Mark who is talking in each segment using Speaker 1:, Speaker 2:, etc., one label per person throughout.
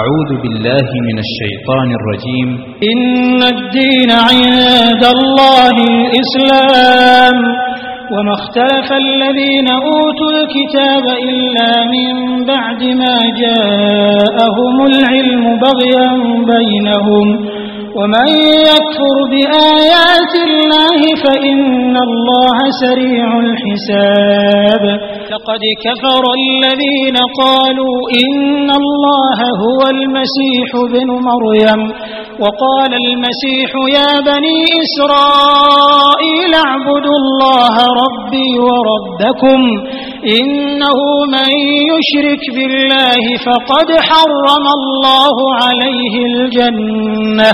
Speaker 1: أعوذ بالله من الشيطان الرجيم إن الدين عند الله الإسلام وما اختلف الذين أوتوا الكتاب إلا من بعد ما جاءهم العلم بغيا بينهم ومن يكفر بآيات الله فإن الله سريع الحساب لقد كفر الذين قالوا إن الله هو المسيح بن مريم وقال المسيح يا بني إسرائيل اعبدوا الله ربي وربكم إنه من يشرك بالله فقد حرم الله عليه الجنة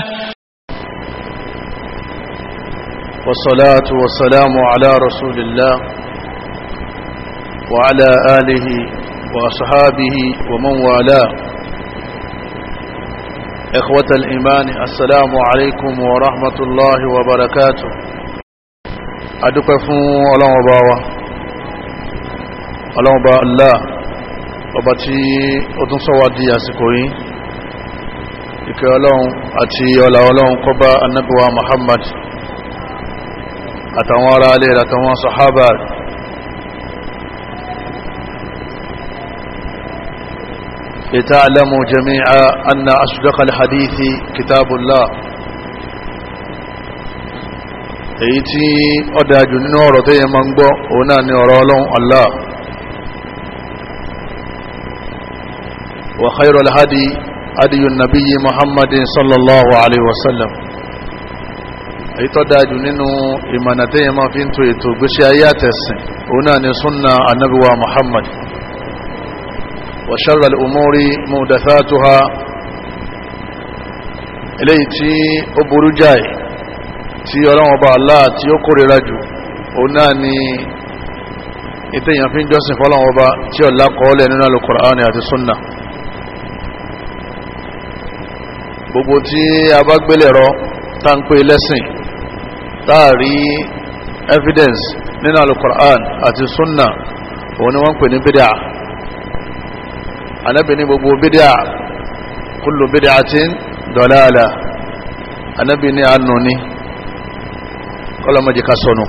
Speaker 1: والصلاة والسلام على رسول الله وعلى آله وأصحابه ومن والاه إخوة الإيمان السلام عليكم ورحمة الله وبركاته أدوك فون ولا مباوة ọlọ́mọba Allah ọba tí ó tún sọ wá di àsìkò yìí ìkẹ́ ọlọ́run àti ọlá ọlọ́run kọba annabuwa Muhammad àtàwọn ará alẹ́ àtàwọn sahaba لتعلموا جميعا أن أصدق الحديث كتاب الله èyí tí ó dájú nínú ọ̀rọ̀ tó yẹ ma ń gbọ́ òun náà ni ọ̀rọ̀ ọlọ́run Allah وخير الهدي هدي النبي محمد صلى الله عليه وسلم ìtọ́dájú nínú ìmọ̀nàtẹ́yìn máa fi ń tó ètò gbéṣẹ́ ayé àtẹ̀sìn òun náà ni súnna annabuwa muhammad wa sharra al-umuri muhdathatuha eléyìí tí ó burú jáì tí ọlọ́wọ́n bá Allah tí ó kórìíra jù òun náà ni ìtẹ̀yìn fi ń jọ́sìn fọ́lọ́wọ́n bá tí ọ̀lá kọ́ọ́lẹ̀ nínú al-Qur'ani àti súnna gbogbo tí a bá gbélé rọ tá ń pè lẹ́sìn táàrí evidence nínú alukur'an àti sunna òun ni wọ́n ń pè ní bídíà anábì ní gbogbo bídíà kullu bídíàtin dalala anábì ní àánú ní kọ́lọ́mọdé ká sọnù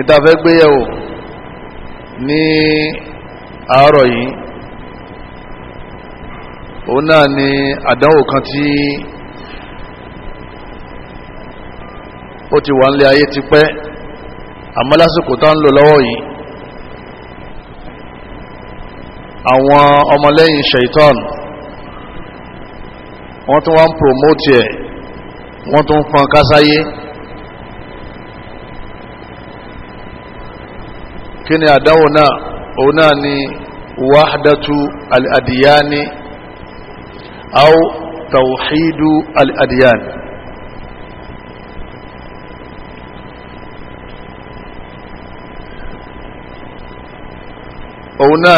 Speaker 1: ìtafẹ́ gbéyàwó ní àárọ̀ yìí òun náà ni àdánwò kan tí ó ti wà nílé ayé ti pẹ́ àmọ́ lásìkò tá ń lò lọ́wọ́ yìí àwọn ọmọlẹ́yìn shaitan wọ́n tún wá ń promote ẹ̀ wọ́n tún fọn kásáyé kí ni àdánwò náà òun náà ni wàhádàtú al-adiyani أو توحيد الأديان òun a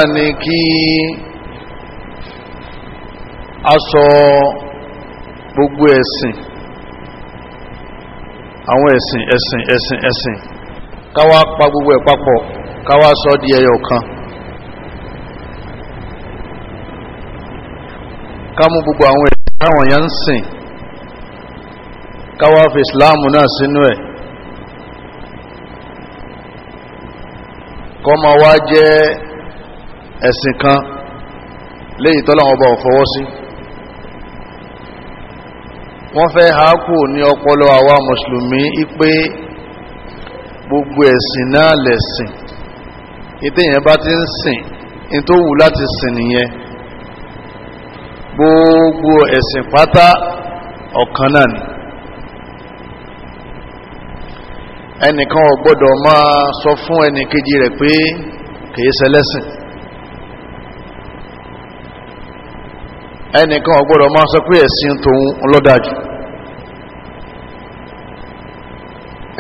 Speaker 1: gbogbo ẹ̀sìn àwọn ẹ̀sìn ẹ̀sìn ẹ̀sìn ẹ̀sìn káwá pa gbogbo ẹ̀ papọ̀ káwá sọ di ẹyọ kan ká mú gbogbo àwọn èdè táwọn èèyàn ń sìn káwá fi ìsìláàmù náà sínú ẹ̀ kọ́ máa wá jẹ́ ẹ̀sìn kan léyìí tọ́lá wọn bá fọwọ́ sí wọ́n fẹ́ hákù ní ọpọlọ àwa mùsùlùmí ipé gbogbo ẹ̀sìn náà lẹ̀sìn ìtẹ́yìn bá ti ń sìn ní wù láti sìn nìyẹn gbogbo ẹ̀sìn pátá ọ̀kan náà ni ẹnìkan ò gbọ́dọ̀ máa sọ fún ẹnìkejì rẹ̀ pé kìí ṣẹlẹ́sìn ẹnìkan ò gbọ́dọ̀ máa sọ pé ẹ̀sìn tòun ọlọ́dájú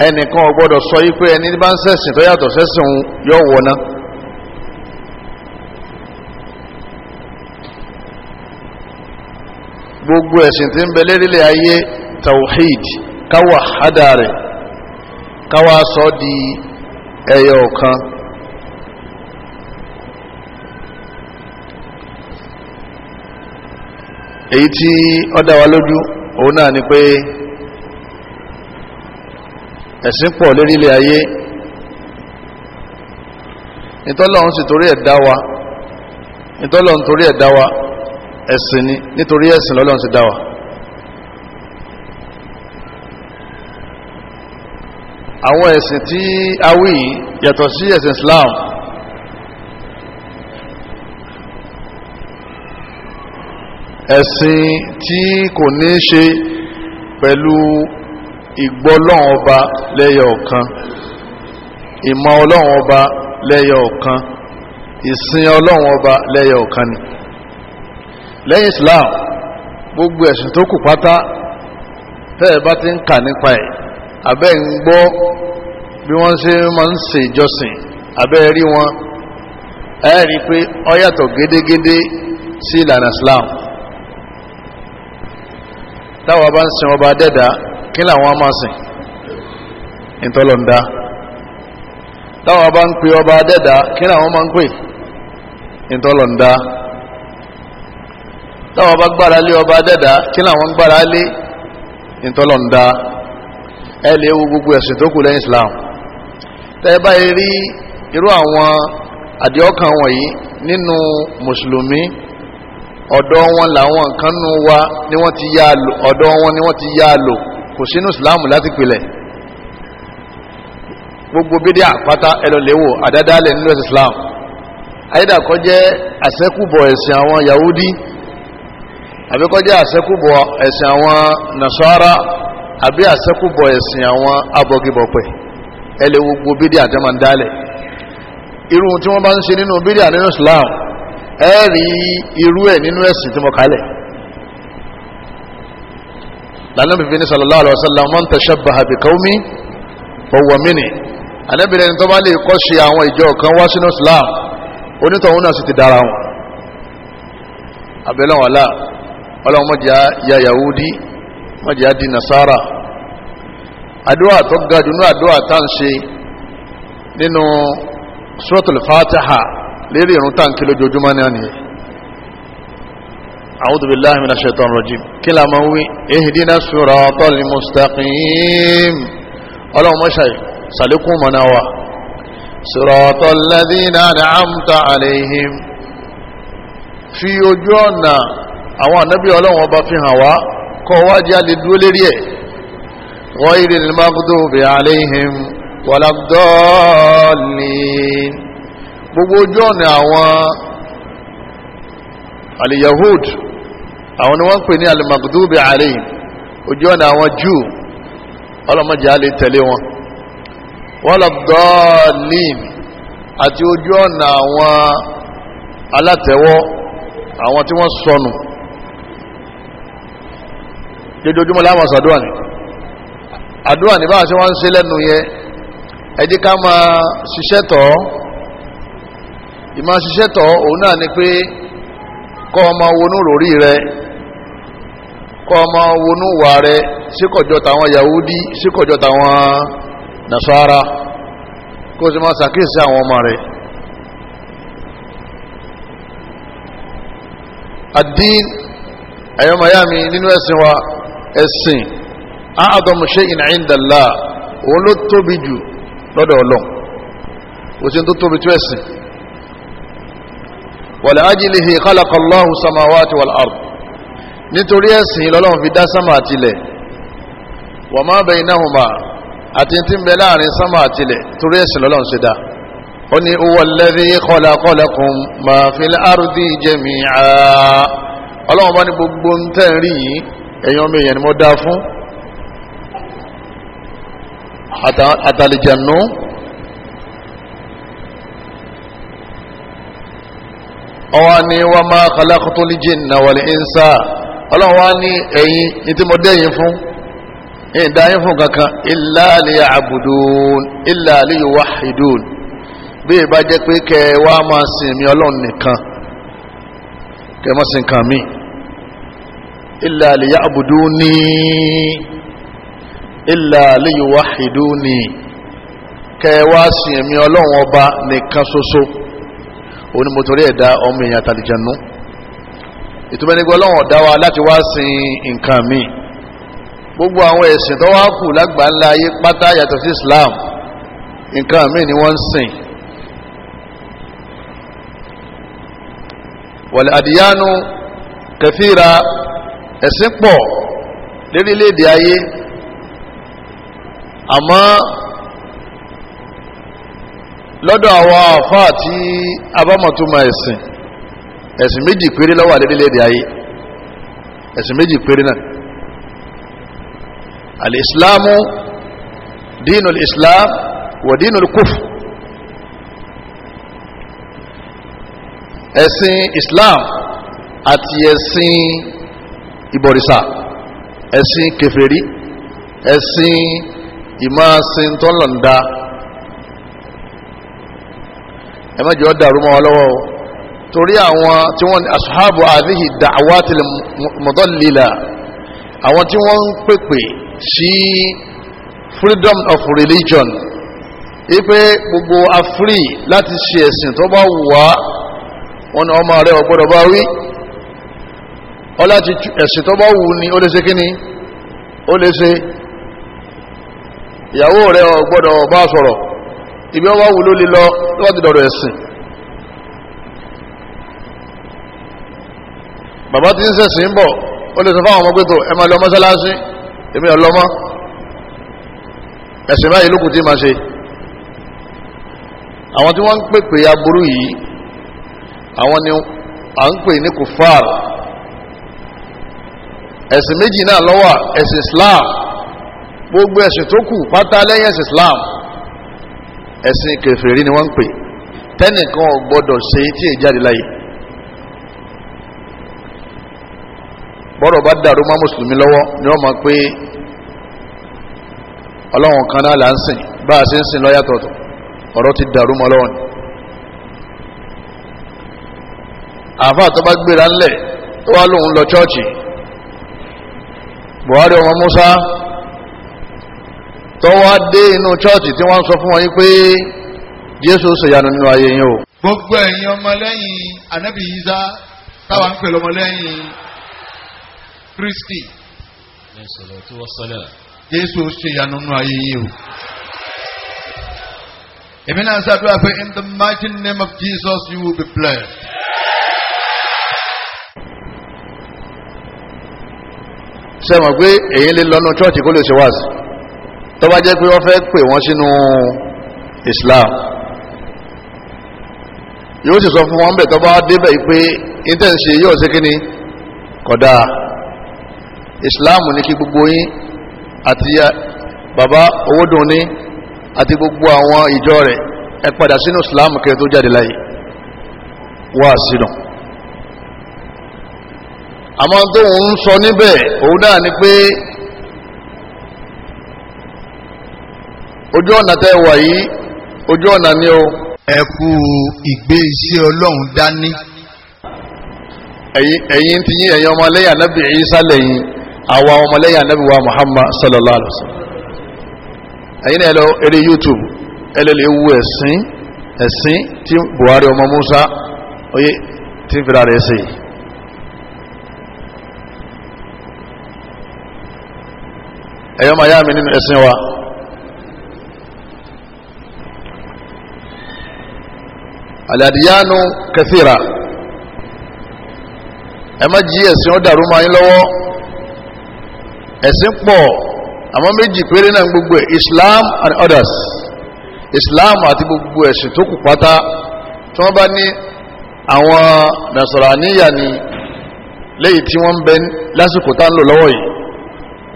Speaker 1: ẹnìkan ò gbọ́dọ̀ sọ yí pé ẹni bá ń ṣẹ̀sìn tó yàtọ̀ sẹ́sìn yọ wọ̀ náà gbogbo ẹ̀sìn tí ń bẹ lérílẹ̀ ayé tawhid káwà hádà rẹ̀ káwà di ẹyọ ọ̀kan èyí tí ó wa lójú òun náà ni pé ẹ̀sìn pọ̀ lérílẹ̀ ayé ìtọ́lọ́run sì torí ẹ̀ dá torí ẹ̀sìn ni nítorí ẹ̀sìn lọ́lọ́run ti dá wa àwọn ẹ̀sìn tí a wí yàtọ̀ sí ẹ̀sìn Islam ẹ̀sìn tí kò ní ṣe pẹ̀lú ìgbọ́lọ́run ọba lẹ́yọ̀ ọ̀kan ìmọ̀ ọlọ́run ọba lẹ́yọ̀ ọ̀kan ìsìn ọlọ́run ọba lẹ́yọ̀ ọ̀kan ni lẹ́yìn islam gbogbo ẹ̀sùn tó kù pátá tẹ́ẹ̀ bá ti ń kà nípa ẹ̀ abẹ́ ń gbọ́ bí wọ́n ma ń se ìjọsìn abẹ́ rí wọn ẹ̀ rí pé ó gedegede gédégédé sí ìlànà islam táwa bá ń sin ọba dẹ́dà kí làwọn máa sìn ìtọ́lọ̀ǹda bá ọba dẹ́dà kí làwọn máa ń pè táwọn bá gbára lé ọba dẹ́dà kí làwọn gbára lé ìtọ́lọ̀ǹda ẹ lè gbogbo ẹ̀sìn tó kù lẹ́yìn Islam tẹ́ bá rí irú àwọn àdìọ́kàn wọ̀nyí nínú mùsùlùmí ọ̀dọ̀ wọn làwọn nǹkan nù wa ni wọ́n ti yá lò ọ̀dọ̀ wọn ni wọ́n ti yá lò kò sínú Islam láti pilẹ̀ gbogbo bídí àpáta ẹlọ́lẹ́wò àdádálẹ̀ nínú Islam ayédàkọ́ jẹ́ àṣẹ́kùbọ̀ ẹ̀sìn àwọn Yahudi àbí kọjá àṣẹ́kùbọ̀ ẹ̀sìn àwọn nasara àbí àṣẹ́kùbọ̀ ẹ̀sìn àwọn abọ́gibọ̀pẹ̀ ẹlẹ́ gbogbo bídí àtẹ́mà ń dálẹ̀ irú tí wọ́n bá ń ṣe nínú bídí ànínú Islam ẹ rí irú ẹ̀ nínú ẹ̀sìn tí mo kalẹ̀ lánàbìbí ní sallallahu alaihi wasallam man tashabbaha bi qaumi fahuwa minhum anábìrin tó bá ọlọ́run mọ́já ya yahudi mọ́já di nasara àdúrà tó ga jù ní àdúrà tá ń ṣe nínú suratul fatiha lérí ìrún tá ń kí lójoojúmọ́ ní àníyẹ a'udhu billahi minash shaitan rajim kí la máa wí ihdina siratal mustaqim ọlọ́run mọ́ṣá sàlékún mọ́ná wa fi ojú ọ̀nà àwọn ànábì ọlọ́run ọba fi hàn wá kọ́ wájú a lè dúró lérí ẹ̀ wọ́n ìrìn ní mákútó bẹ̀ aléhìn wàlábdọ́ọ̀lì gbogbo ojú ọ̀nà àwọn aliyahud àwọn ni wọ́n ń pè ní alimakudu bẹ̀ aléhìn ojú ọ̀nà àwọn jù ọlọ́mọdé a lè tẹ̀lé wọn wàlábdọ́ọ̀lì àti ojú ọ̀nà àwọn alátẹ̀wọ́ àwọn tí wọ́n sọnù lójoojúmọ́ láwọn sàdúrà ni àdúrà ní báwọn ṣe wọ́n ń ṣe lẹ́nu yẹn ẹ jẹ́ ká máa ṣiṣẹ́ tọ́ ìmọ̀ ṣiṣẹ́ tọ́ òun náà ni pé kọ́ ọmọ wonú lórí rẹ kọ́ ọmọ wonú wà rẹ síkọ̀jọ tàwọn Yahudi síkọ̀jọ tàwọn Nasara kó sì máa ṣàkíyèsí àwọn ọmọ rẹ. àdín ẹ̀yọ́mọ̀yá mi nínú ẹ̀sìn wa ẹ̀sìn a'adhamu shay'in 'inda Allah òun ló tóbi jù lọ́dọ̀ ọlọ́run kò sí tó tóbi tó ẹ̀sìn wa li'ajlihi khalaqa Allahu samawati wal ard nítorí ẹ̀sìn lọ́lọ́run fi dá sámà àtìlẹ̀ wa ma baynahuma àti tí ń bẹ láàrin sámà àtìlẹ̀ torí ẹ̀sìn lọ́lọ́run ṣe dá ó ní huwa alladhi khalaqa lakum ma fil ardi ọlọ́run bá ní gbogbo ń tẹ̀ ń rí yìí ẹ̀yin ọmọ èèyàn ni mo dá fún àtàlìjànú ọwọ́ ni wa ma khalaqtul jinna wal insa ọlọ́run wá ní ẹ̀yin ní tí mo dẹ́yìn fún ẹ̀yin dáyìn fún kankan illa liya'budun illa liyuwahhidun bí ìbá jẹ́ pé kẹ́ máa sìn mí ọlọ́run nìkan kẹ́ sìn kan illa liya'buduni illa liyuwahiduni kẹwàá sí ẹ̀mí ọlọ́run ọba nìkan ṣoṣo onímọ̀tòrí ẹ̀dá ọmọ èèyàn àtàlìjẹ̀nú ìtumẹ̀ nígbà ọlọ́run ọ̀dá wa láti wá sin nǹkan mi gbogbo àwọn ẹ̀sìn tó wá kù lágbàńlá ayé pátá yàtọ̀ sí Islam nǹkan mi ni wọ́n ń sìn wal adiyanu kathira ẹ̀sìn pọ̀ lórílẹ̀‐èdè ayé àmọ́ lọ́dọ̀ àwọn àfáà tí abámọ̀túnmọ̀ ẹ̀sìn ẹ̀sìn méjì péré ló wà lórílẹ̀‐èdè ayé ẹ̀sìn méjì péré náà alìsílámù dínú islam wà dínú kúfù ẹ̀sìn islam àti ẹ̀sìn ìbọ̀rìṣà ẹ̀sìn kèfèrí ẹ̀sìn ìmáàsìn tọ́lọ̀ǹda ẹ má jẹ́ ó dàrú mọ́ wa lọ́wọ́ o torí àwọn tí wọ́n ní asuhabu àdéhì da'awati mudallila àwọn tí wọ́n ń pèpè sí freedom of religion ipe gbogbo afri láti ṣe ẹ̀sìn tó bá wù wá wọn ni ọmọ rẹ ò gbọ́dọ̀ bá wí ọlá ti ẹ̀sìn tó bá wù ní ó lè ṣe kíní ó lè ṣe ìyàwó rẹ̀ ọgbọ́dọ̀ bá sọ̀rọ̀ ibi ọwá wù ló lè lọ láti dọ̀rọ̀ ẹ̀sìn bàbá tí ń sẹ̀sìn ń bọ̀ ó lè sọ fáwọn ọmọ pẹ́tò ẹ àwọn tí wọ́n ń pèpè aburú yìí àwọn ni à ń pè ní kùfáàrù ẹ̀sìn méjì náà ló wà ẹ̀sìn Islam gbogbo ẹ̀sìn tó kù pátá lẹ́yìn ẹ̀sìn Islam ẹ̀sìn kèfèrí ni wọ́n ń pè tẹ́nìkan gbọ́dọ̀ ṣe tí è jáde láyé bọ́rọ̀ bá dàrú má mùsùlùmí lọ́wọ́ ni wọ́n mọ̀ pé ọlọ́run kan náà là ń sìn bá a ṣe ń sìn lọ́yàtọ̀tọ̀ ọ̀rọ̀ ti dàrú mọ́ lọ́wọ́ ni àáfàá tó bá gbéra ńlẹ̀ tó wá lóun lọ chọ́ọ̀chì buhari ọmọ musa tó wá dé inú chọ́ọ̀tì tí wọ́n sọ fún wọn yí pé jésù ṣèyanu nínú ayé yín o. gbogbo ẹ̀yin ọmọlẹ́yìn anabi isa táwa ń pè lọ́mọlẹ́yìn kristi. jésù ṣèyanu nínú ayé yín o. èmi náà ṣàdúrà pé in the mighty name of Jesus you will be blessed. ṣe mọ̀ pé èyí lè lọ́nu chọ́ọ̀tì kó lè ṣe wáàsí tó bá jẹ́ pé wọ́n fẹ́ pè wọ́n sínú Islam yóò sì sọ fún wọn bẹ̀ tó bá débẹ̀ pé intense yóò ṣe kí ni kódà Islam ní kí gbogbo yín àti bàbá owódùn ní àti gbogbo àwọn ìjọ rẹ̀ ẹ padà sínú Islam kẹrin tó jáde láyé wáàsí náà àmọ́ tó ń sọ níbẹ̀ òun náà ni pé ojú ọ̀nà tẹ́ wà yìí ojú ọ̀nà ni o. ẹ kú ìgbé iṣẹ́ ọlọ́run dání. ẹ̀yin ti yín ẹ̀yin ọmọlẹ́yìn anábì Isa àwa ọmọlẹ́yìn anábì wa Muhammad sallallahu alayhi wa sallam. ẹ̀yin náà ẹ lọ eré YouTube ẹ lè lè wu ẹ̀sìn Buhari ọmọ Musa oye tí ẹ̀yọ́ máa yá mi nínú ẹ̀sìn wa àlàdíyánu kẹfìrà ẹ má jí ẹ̀sìn ó dàrú máa yín lọ́wọ́ ẹ̀sìn pọ̀ àmọ́ méjì péré náà gbogbo ẹ̀ Islam and others Islam àti gbogbo ẹ̀sìn tó kù pátá tí wọ́n bá ní àwọn nasaraniya ni lẹ́yìn tí wọ́n ń bẹ lásìkò tá ń lò lọ́wọ́ yìí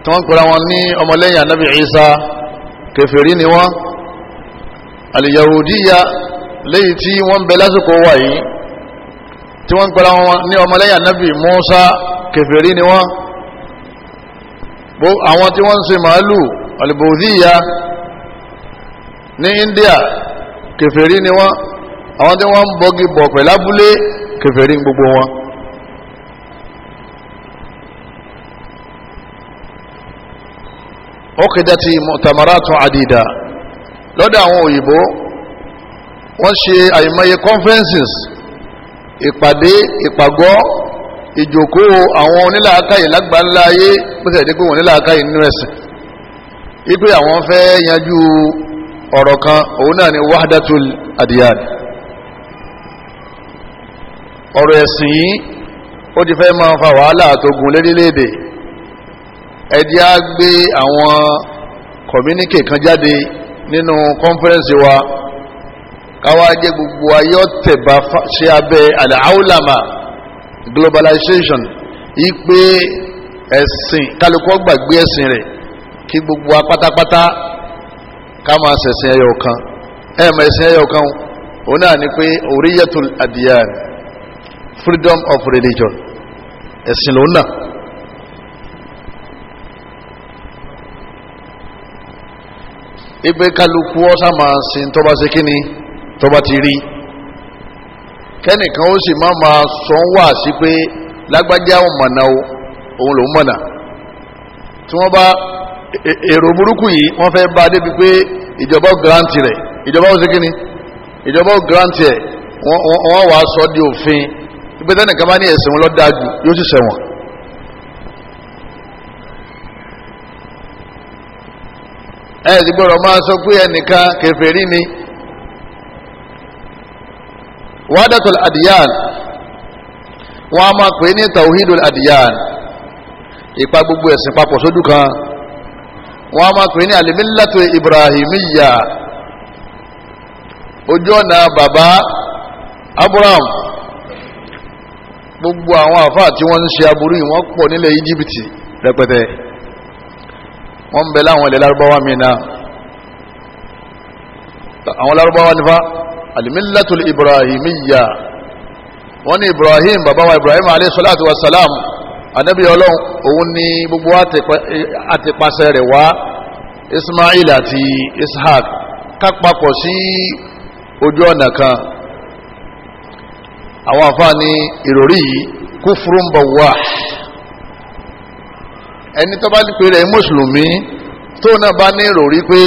Speaker 1: tí wọ́n pera wọn ní ọmọlẹ́yìn anabi isa kèfèrí ni wọ́n aliyahudiya léyìí tí wọ́n bẹ lásìkò wà yìí tí wọ́n pera wọn ní ọmọlẹ́yìn anabi musa kèfèrí ni wọ́n àwọn tí wọ́n ń màálù alibodiya ní india kèfèrí ni wọ́n àwọn tí wọ́n ń bọ́gi bọ̀ pẹ̀lábúlé kèfèrí gbogbo wọn uqidat mu'tamaratu adida lọ́dọ̀ àwọn òyìnbó wọ́n ṣe àìmọye conferences ìpàdé ìpàgọ́ ìjókòó àwọn onílàákàyè lágbàńlá ayé pẹ́sẹ̀ dípò wọn onílàákàyè nínú ẹ̀sìn ipe àwọn fẹ́ yanjú ọ̀rọ̀ kan òun náà ni wahdatul adiyan ọ̀rọ̀ ẹ̀sìn yìí ó ti fẹ́ máa fa wàhálà àtògùn lérílẹ̀ ẹ̀dí á gbé àwọn kọ̀míníkè kan jáde nínú kọ́nfẹ́rẹ́nsì wa káwá jẹ́ gbogbo ayé ọ̀tẹ̀bá ṣe abẹ́ àdáhàúlàmà globalization ipe ẹ̀sìn kálukọ́ gbàgbé ẹ̀sìn rẹ̀ kí gbogbo apátápátá ká máa ṣẹ̀sìn ẹyọ kan ẹ̀ẹ̀mọ̀ ẹ̀sìn ẹyọ kan òun náà ni pé oríyẹ̀tul adiyan freedom of religion ẹ̀sìn lòun náà ipe kálukú ọ́sà máa sin tọ́ba ṣe kíni tọ́ba ti rí kẹ́nìkan ó sì máa máa sọ ń wà sí pé lágbájá òun mọ̀nà o òun lòún mọ̀nà tí wọ́n bá e, e, èrò burúkú yìí wọ́n fẹ́ bá débi pé ìjọba grant rẹ̀ ìjọba ó ṣe kíni ìjọba grant ẹ̀ wọ́n wàá sọ di òfin ipe tẹ́nìkan bá ní ẹ̀sìn wọn lọ́dájú yóò sì ṣẹ̀wọ̀n ẹ ti gbọ́dọ̀ máa sọ pé ẹnìkan kèfèrí ni wadatul adiyan wọ́n a máa pè ní tawhidul adiyan ìpa gbogbo ẹ̀sìn papọ̀ sójú kan wọ́n a máa pè ní alimilatu ibrahimiya ojú ọ̀nà bàbá abraham gbogbo àwọn àfáà tí wọ́n ń ṣe aburú yìí pọ̀ nílẹ̀ íjíbítì rẹpẹtẹ wọ́n ń bẹ láwọn ilẹ̀ lárúbáwá mi náà àwọn lárúbáwá nífa alimilatul ibrahimiya wọ́n ní ibrahim bàbá wa ibrahim alayhi salatu wa salam anabi ọlọ́run òun ni gbogbo àtìpasẹ̀ rẹ̀ wá ismail àti ishaq kápapọ̀ sí ojú ọ̀nà kan àwọn àfáà ìròrí yìí kúfúrú ń bọ̀ wá ẹni tó bá pè rẹ̀ mùsùlùmí tó náà bá ní ìròrí pé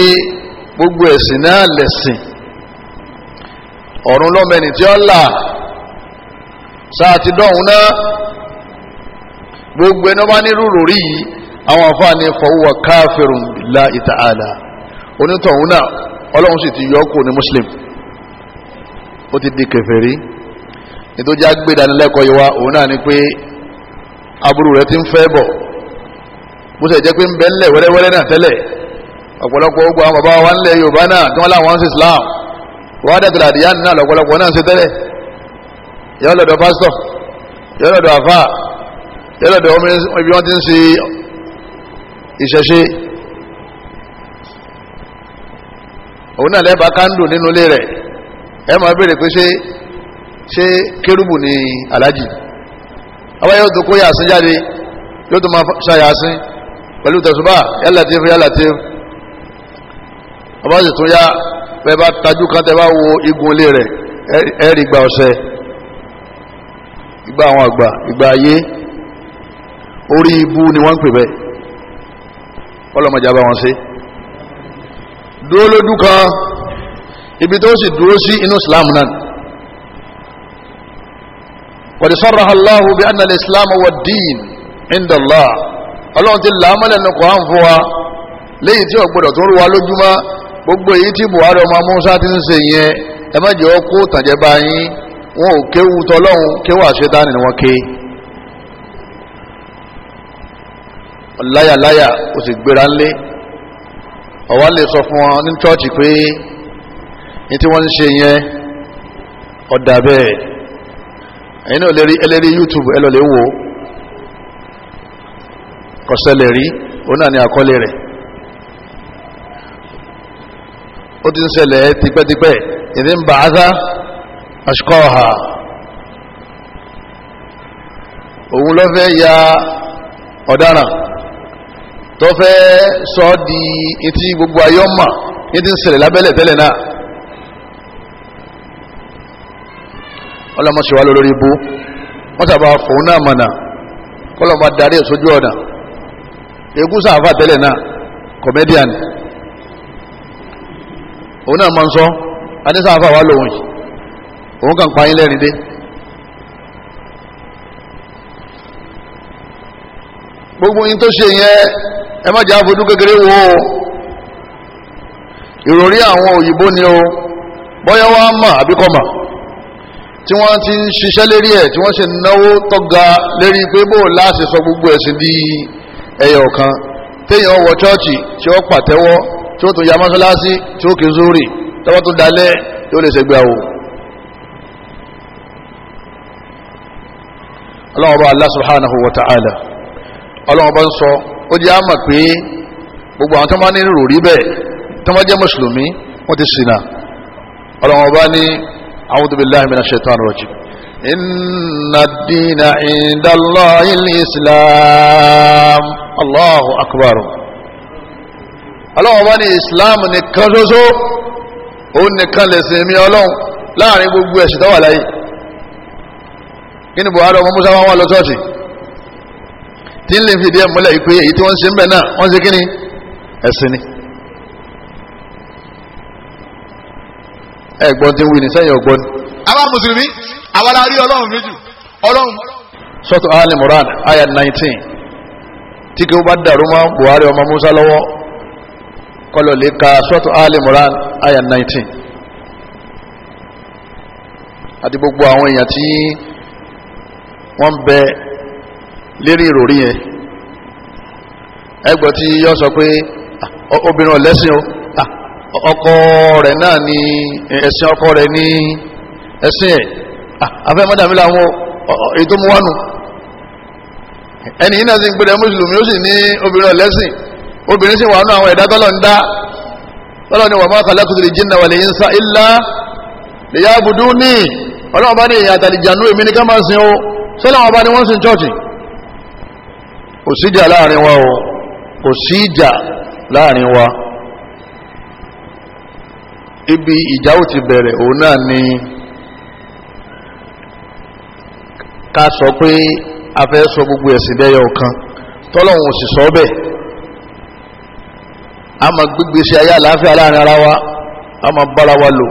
Speaker 1: gbogbo ẹ̀sìn náà lẹ̀sìn ọ̀run lọ́mẹni tí ó là sáà ti dọ̀hún náà gbogbo ẹni bá ní ìròrí yìí àwọn àfáàní fọwọ́ káfírùn billahi ta'ala onítọ̀hún náà ọlọ́run sì ti yọ ọ́ kó ní muslim ó ti di kèfèrí nítorí agbèdánilẹ́kọ̀ọ́ yìí wá òun náà ni pé aburú rẹ̀ ti ń fẹ́ bọ̀ bó ṣe jẹ́ pé ń bẹ ńlẹ̀ wẹ́rẹ́wẹ́rẹ́ náà tẹ́lẹ̀ ọ̀pọ̀lọpọ̀ ogun àwọn bàbá wa ńlẹ̀ yorùbá náà tí wọ́n láwọn ṣe islam wọ́n á dẹ̀tẹ̀lẹ̀ àdìyá náà lọ́pọ̀lọpọ̀ náà ń ṣe tẹ́lẹ̀ yọ́ lọ́dọ̀ pásítọ̀ yọ́ lọ́dọ̀ àfà yọ́ lọ́dọ̀ ibi wọ́n ti ń ṣe ìṣẹ̀ṣe òun náà lẹ́bàá kándù nínú ilé rẹ̀ ẹ máa béèrè pé ṣé ṣé kérúbù ni alájì àwọn yóò tó kó yàásín jáde yóò tó máa ṣàyàásín pẹ̀lú tẹ̀sùbá ya Latif ya Latif ọba sì tún yá bẹ́ẹ̀ bá tajú kan tẹ́ bá wo igun ilé rẹ̀ ẹ̀rì ìgbà ọ̀sẹ̀ ìgbà àwọn àgbà ìgbà ayé orí ibu ni wọ́n ń pè bẹ́ẹ̀ kọ́lọ́mọjà bá wọn ṣe dúró lójú kan ibi tó sì dúró sí inú Islam náà wàdí sọ́rọ̀ bí anna islam wa ad-din ọlọ́run ti là á mọ́lẹ̀ ní kọ́ àǹfọ́ wa léyìí tí ọ̀gbọ́dọ̀ tó ń rú wa lójúmọ́ gbogbo èyí tí buhari ọmọ musa ti ń ṣe yẹn ẹ má jẹ́ ọkú yín wọn ò kéwu tọlọ́run kéwu àṣetánì ni wọ́n ké láyàláyà ó sì gbéra ńlé ọ̀wá lè sọ fún wọn ní chọ́ọ̀chì pé ní tí wọ́n ń ṣe yẹn ọ̀dà bẹ́ẹ̀ ẹ̀yin náà lè rí YouTube ẹ lọ lè wò ó kọ̀sẹ̀lẹ̀ rí òun náà ni àkọlé rẹ̀ ó ti ń ṣẹlẹ̀ tipẹ́tipẹ́ ìdí ń bà á dá ọ̀hà òun ló fẹ́ ya ọ̀daràn tó fẹ́ sọ di etí gbogbo ayọ́mà ní ti ń ṣẹlẹ̀ lábẹ́lẹ̀ tẹ́lẹ̀ náà ọlọ́mọṣẹ́wá lórí ibú wọ́n sábà fòun náà mọ̀nà kọ́lọ́mọ darí ẹ̀ sójú ọ̀nà ègún sáfà tẹ́lẹ̀ náà comedian òun náà máa ń sọ anísàfà wà lòun yìí òun kàn pa yín lẹ́rìn dé gbogbo yín tó ṣe yẹn ẹ má jà fojú kékeré wo o ìròrí àwọn òyìnbó ni o bọ́yá wa mà àbíkọ́ mà tí wọ́n ti ń ṣiṣẹ́ lérí ẹ̀ tí wọ́n ṣe náwó tọ́ga lérí pé bó o sọ gbogbo ẹ̀sìn di ẹyọ kan téèyàn wọ chọ́ọ̀chì tí ó tí ó tún ya masalasi tí ó kì í sórí tọ́wọ́ tó dalẹ̀ tí lè ṣègbè àwò. ọlọ́run bá Allah ń sọ ó jẹ́ àmà pé gbogbo àwọn tó máa rò rí bẹ́ẹ̀ tó máa jẹ́ mùsùlùmí wọ́n ti ṣìnà ọlọ́run bá ní a'udhu dina Islam. allahu akbar ọlọ́run bá ní islam nìkan ṣoṣo òun nìkan lè sìn mí ọlọ́run láàrin gbogbo ẹ̀sìn tó wà láyé kí ni buhari ọmọ musa wọn wà lọ ṣọ́ọ̀ṣì tí ń lè fìdí ẹ̀ múlẹ̀ pé èyí tí wọ́n ń ṣe ń bẹ̀ náà wọ́n ṣe kí ẹ̀sìn ni ẹ̀gbọ́n tí ń ní sẹ́yìn ọgbọ́n àwa mùsùlùmí àwa la rí ọlọ́run méjì ọlọ́run. sọ́tù Ali Imran nineteen. tí kí ó bá dàrú mọ́ buhari ọmọ musa lọ́wọ́ kọlọ̀ lè ka sọ́tù ali moran aya 19 àti gbogbo àwọn èèyàn tí wọ́n ń bẹ lérí ìròrí yẹn ẹgbọ́n tí yọ sọ pé ah, obìnrin ọ̀lẹ́sìn o ah, rẹ̀ náà ni ẹ̀sìn ọkọ rẹ̀ ní ẹ̀sìn ẹ̀ ah, afẹ́mọ́dàmílà àwọn ètò mú wánu ẹni yìí náà sì ń pèrè mùsùlùmí ó sì ní obìnrin ọ̀lẹ́sìn obìnrin sì wà nù àwọn ẹ̀dá tọ́lọ̀ ń dá tọ́lọ̀ ni wà má khalaqtu al-jinna wal-insa illa liya'buduni ọlọ́wọ́n bá ní èèyàn àtàlìjànú èmi ní ká máa sin o sọ́lọ́wọ́n bá ní wọ́n sin chọ́ọ̀chì kò síjà láàrin wa o kò síjà láàrin wa ibi ìjà ó ti bẹ̀rẹ̀ òun náà ni ká sọ pé afẹ́ sọ gbogbo ẹ̀sìn dẹ́yẹ ọ̀kan tọ́lọ́hún sì sọ bẹ́ẹ̀ a máa gbégbé sí ayé àlàáfíà láàrin ara wa a máa bára wa lò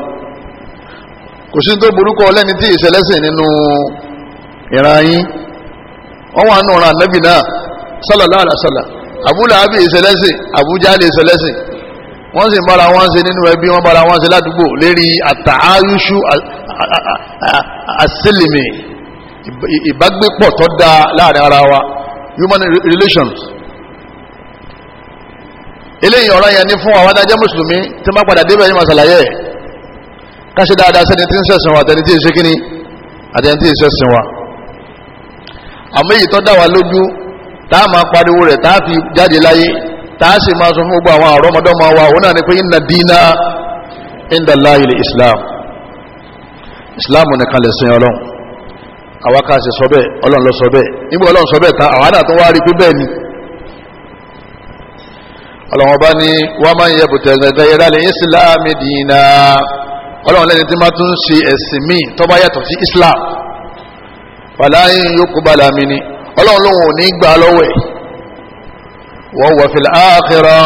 Speaker 1: kò sí tó burúkọ lẹ́ni tí ìṣẹ̀lẹ́sìn nínú ìran yín wọ́n wà nù ọ̀ràn ànábì náà sallallahu alaihi wasallam àbúlà àbí ìṣẹ̀lẹ́sìn àbújá lè ìṣẹ̀lẹ́sìn wọ́n sì ń bára wọn ṣe nínú ẹbí wọ́n bára wọn ṣe ládùúgbò lérí àtàáyúṣú àṣìlìmì ìbágbépọ̀ tó dáa láàrin ara wa human relations eléyìí ọ̀rọ̀ yẹn ní fún àwọn adájẹ́ mùsùlùmí tí wọ́n bá padà débẹ̀ yìí màsàlàyé ẹ̀ káṣe dáadáa sẹ́ni tí ń ṣẹ̀sìn wa àtẹni tí ń ṣe kíni àtẹni tí ń ṣẹ̀sìn wa àmọ́ èyí tó dá wa lójú tá a máa pariwo rẹ̀ tá a fi jáde láyé tá a sì máa sọ fún gbogbo àwọn àrọ́mọdọ́mọ wa òun náà ni pé inna dina inda islam islam nìkan lè sin ọlọ́run àwa ká ṣe sọ bẹ́ẹ̀ ọlọ́run lọ sọ bẹ́ẹ̀ nígbà ọlọ́run sọ bẹ́ẹ̀ tán àwa náà tún wá rí pé bẹ́ẹ̀ ni ọlọ́run bá ní wọ́n máa ń yẹ bùtẹ̀ gẹ́gẹ́ yẹ lálẹ́ islam dìínà ọlọ́run lẹ́ni tí máa tún ṣe ẹ̀sìn míì tó bá yàtọ̀ sí islam fàlàyé yòókù bala mi ni ọlọ́run lòun ò ní gbà lọ́wọ́ wọ́n wọ̀ fìlà áàkìrọ̀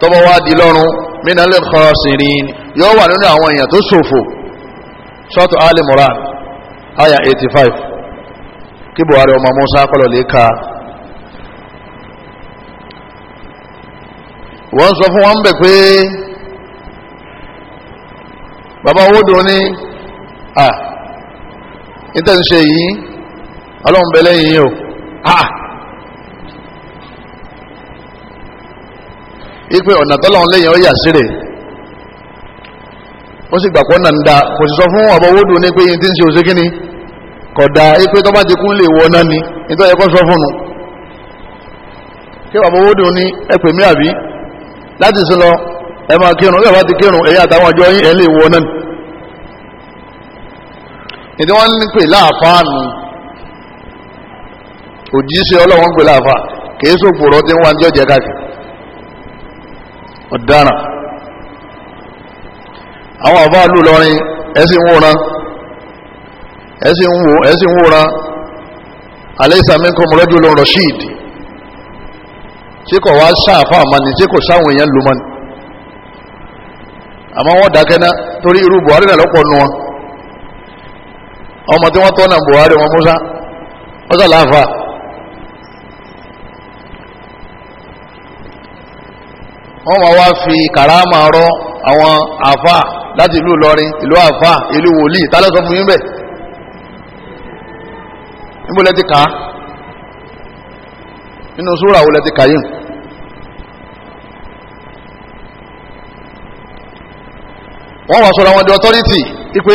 Speaker 1: tó bá wá di lọ́run mínà lè kí buhari ọmọ musa kọlọ̀ lè ka wọ́n sọ fún wọn bẹ̀ pé bàbá owó dùn ní à níta ṣe yìí lẹ́yìn yìí o à ipe ọ̀nà tọ́lọ́run lẹ́yìn ó yà síre ó sì gbàgbọ́ ń da kò sì sọ fún bàbá owó dùn ní pé kọ̀dá ipe tó bá ti kún lè wọ náà ni nítorí ẹ̀kọ́ sọ fún kí bàbá owó dùn ní ẹ̀pẹ̀ mí àbí láti sọ lọ ẹ ti ẹ̀yà àtàwọn ọjọ́ wọ ni ìdí wọ́n pè láàfáà òjíṣẹ́ ọlọ́wọ́n pè láàfáà kìí tí káàkiri ọ̀daràn àwọn àbá lù lọrin ẹ̀sìn ẹ̀sìn wúra alaysa minkum rajulun rashid tí kò wá sáàfà àmàni tí kò sáwọn èèyàn lu mọ́ni àmọ́ wọ́n dákẹ́ ná torí irú Buhari náà lọ́pọ̀ nu wọn ọmọ tí wọ́n tọ́nà Buhari wọn Musa wọ́n sà láàfà wọ́n máa wá fi kàrámà rọ àwọn àfà láti ìlú Ìlọrin ìlú àfà ìlú wòlíì tálẹ́sọ̀ fún yín bẹ́ẹ̀ níbo lẹ ti kà á nínú súra wo lẹ ti yìí wọ́n wá sọ̀rọ̀ àwọn di authority ipe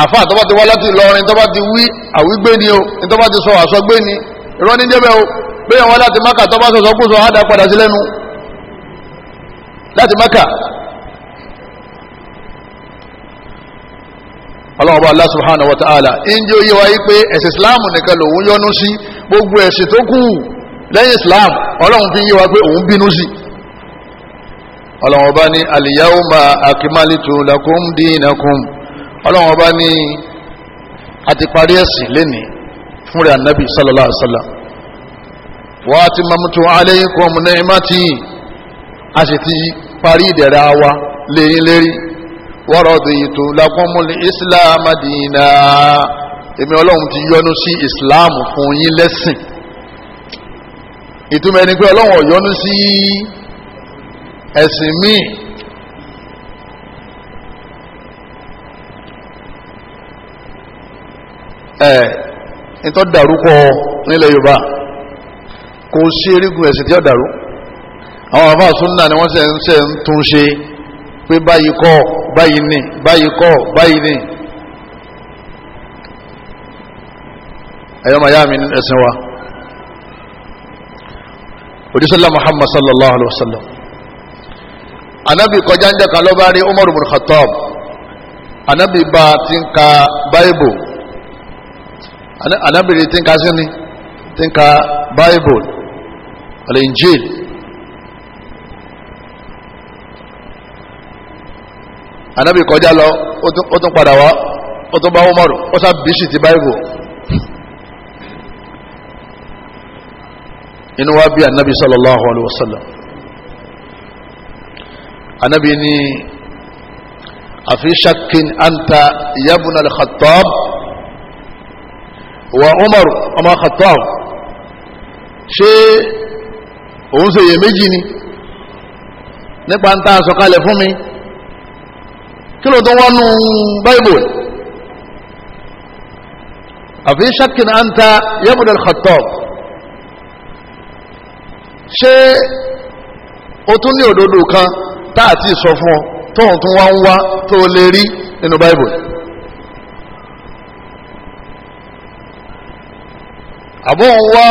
Speaker 1: àfa tó bá ti wá láti Ìlọrin tó ti wí àwígbé ni o tó ti sọ àsọgbé ni irọ́ ní jẹ́bẹ̀ o bẹ́ẹ̀ wọ́n láti Mákà tó bá sọ̀sọ́ kú sọ á padà sí lẹ́nu láti Mákà ọlọ́run ọba Allah subhanahu wa ta'ala injó yé wa yí pé ẹ̀sìn islam nìkan lòun yọ́nú sí gbogbo ẹ̀sìn tó kù lẹ́yìn islam ọlọ́run fi yé wa pé òun bínú sí ọlọ́run ọba ní al-yawma akmaltu lakum dinakum ọlọ́run ọba ní àti parí ẹ̀sìn lénìí fúnra anabi sallallahu alaihi wa sallam wa ti parí ورضيت لكم الإسلام دينا èmi ọlọ́run ti yọ́nú sí islam fún yín lẹ́sìn ìtumọ̀ ẹni pé ọlọ́run ò yọ́nú dàrúkọ nílẹ̀ yorùbá kò sí erigun ẹ̀sìn tí ó dàrú àwọn àfáà ni wọ́n ń tún ṣe pé báyìí kọ́ báyìí ní báyìí kọ́ báyìí ní ayọ́mọ̀ ayá mi ẹ̀sìn wa òdísọ́lá Muhammad sallallahu alaihi wasallam anábì kọjá ń jẹ́ka lọ́bá rí Umar bin Khattab anábì bá ti ń ka báíbù anábì ti ń ka sí ni ti ń ka báíbù al-Injil anabi kọjá lọ ó tún padà wá ó tún bá umaru ó sá bíṣì ti báyìí bò inú wa bí anabi sallallahu alayhi wa sallam anabi ni àfi ṣakin anta yabuna al wa umaru ọmọ khattab ṣé òun ṣe iyèméjì ni nípa ń ta àsọkalẹ̀ fún mi kí ló tó wọ́n nu báyìbù àfi ṣakin anta yabud al-khattab ṣé o tún ní òdodo kan tá a ti sọ fún ọ tóun tún wá ń wá tó o lè rí nínú báyìbù àbọ̀ ń wá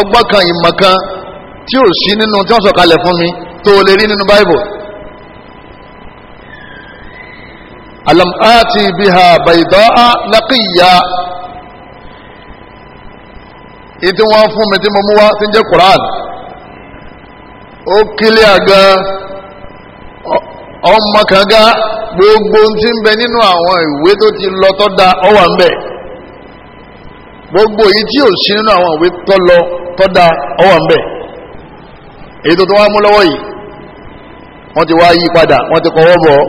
Speaker 1: ọgbọ́n kan ìmọ̀ kan tí ò sí nínú tí wọ́n sọ̀kalẹ̀ fún mi tó o lè rí nínú báyìbù. alam ati biha baydaa naqiya ìtí wọ́n fún mi tí mo mú wá tí ń jẹ́ Quran ó kílẹ̀ ọmọ kan gá gbogbo tí ń bẹ nínú àwọn ìwé tó ti lọ tó da ó wà ń gbogbo èyí tí ò sí nínú àwọn ìwé tó lọ tó da ó wà ń bẹ èyí tó tó wá mú lọ́wọ́ yìí wọ́n ti wá yí padà wọ́n ti kọ́wọ́ bọ̀ ọ́.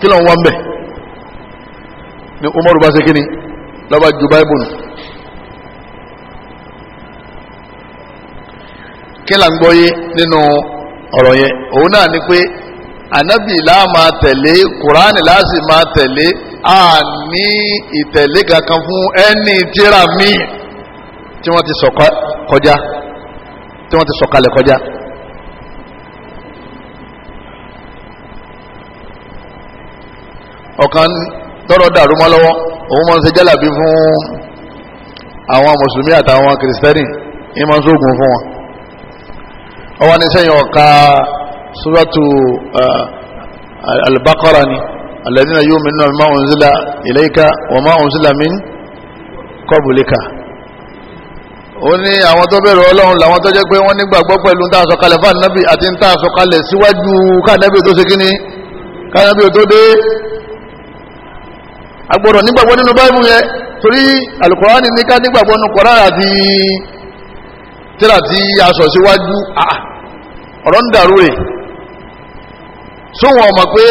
Speaker 1: kí ló ń wá ni umaru bá ṣe kí ni lọ́ba ju báíbù nù kí là gbọ́ yé nínú ọ̀rọ̀ yẹn òun náà ni pé anabi láà máa tẹ̀lé kuraani láà sì máa tẹ̀lé a ní ìtẹ̀lé kankan fún ẹni tíra míì tí wọ́n ti sọ kọjá tí wọ́n ti sọ kọjá. ọ̀kan tọrọ dàrú mọ́ lọ́wọ́ òun máa ń ṣe jálàbí fún àwọn mùsùlùmí àtàwọn kìrìsìtẹ́nì ní máa sóògùn fún wọn ọwọ́ ní sẹ́yìn ọ̀ka suratu al-Baqara ni alladhina yu'minuna bima unzila ilayka wa ma unzila min qablika ó ní àwọn tó bẹ̀rù ọlọ́run làwọn tó jẹ́ pé wọ́n nígbàgbọ́ pẹ̀lú tá a sọ kalẹ̀ fún ànábì àti tá a sọ síwájú kánábì tó ṣe kíní kánábì tó dé agbọ́dọ̀ nígbàgbọ́ nínú báìbù yẹn torí alukọ́ránì ní ká nígbàgbọ́ nínú kọ́ránì àti tíra tí aṣọ síwájú ọ̀rọ̀ ń dàrú rẹ̀ sóhun ọmọ pé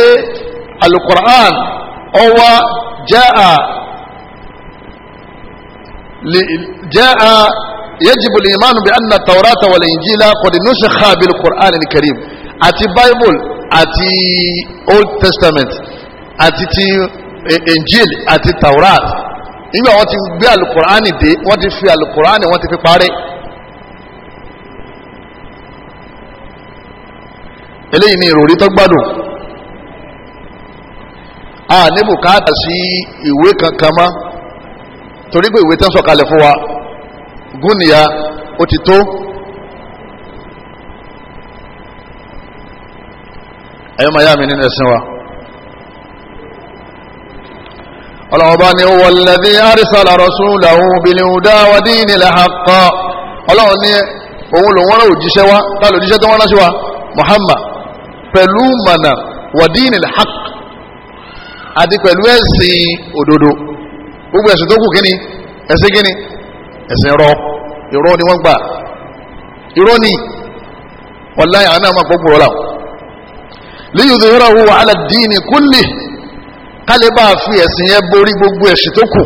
Speaker 1: alukọ́ránì ọwá jaa jaa yajibu limanu bi anna taurata wal injila qad nusikha bil old testament àti ti E- Injil àti Taurat nígbà wọ́n ti gbé alukur'ani dé wọ́n ti fi alukur'ani wọ́n ti fi parí. eléyìí ni ìròrí tó gbádùn a ní bùkátà sí ìwé kankan mọ́ torí pé ìwé tó ń sọ̀kalẹ̀ fún wa gúnìyà ó ti tó ẹ̀yọ́ màyá mi nínú ẹ̀sìn wa. ọlọ́ọ̀bá ni ó wọlẹ̀dí àrísàlà rọ̀súnláwó bìlìhùdá wàdí ìnìlẹ̀ àkọ́ ọlọ́ọ̀ ni òun lòun rán òjíṣẹ́ wá tàbí òjíṣẹ́ tó wọ́n rán sí wa Muhammad pẹ̀lú mana wàdí ìnìlẹ̀ àk àti pẹ̀lú ẹ̀sìn òdodo gbogbo ẹ̀sìn tó kù kíni ẹ̀sìn kálíbà fi ẹ̀sìn yẹn borí gbogbo ẹ̀sìn tó kù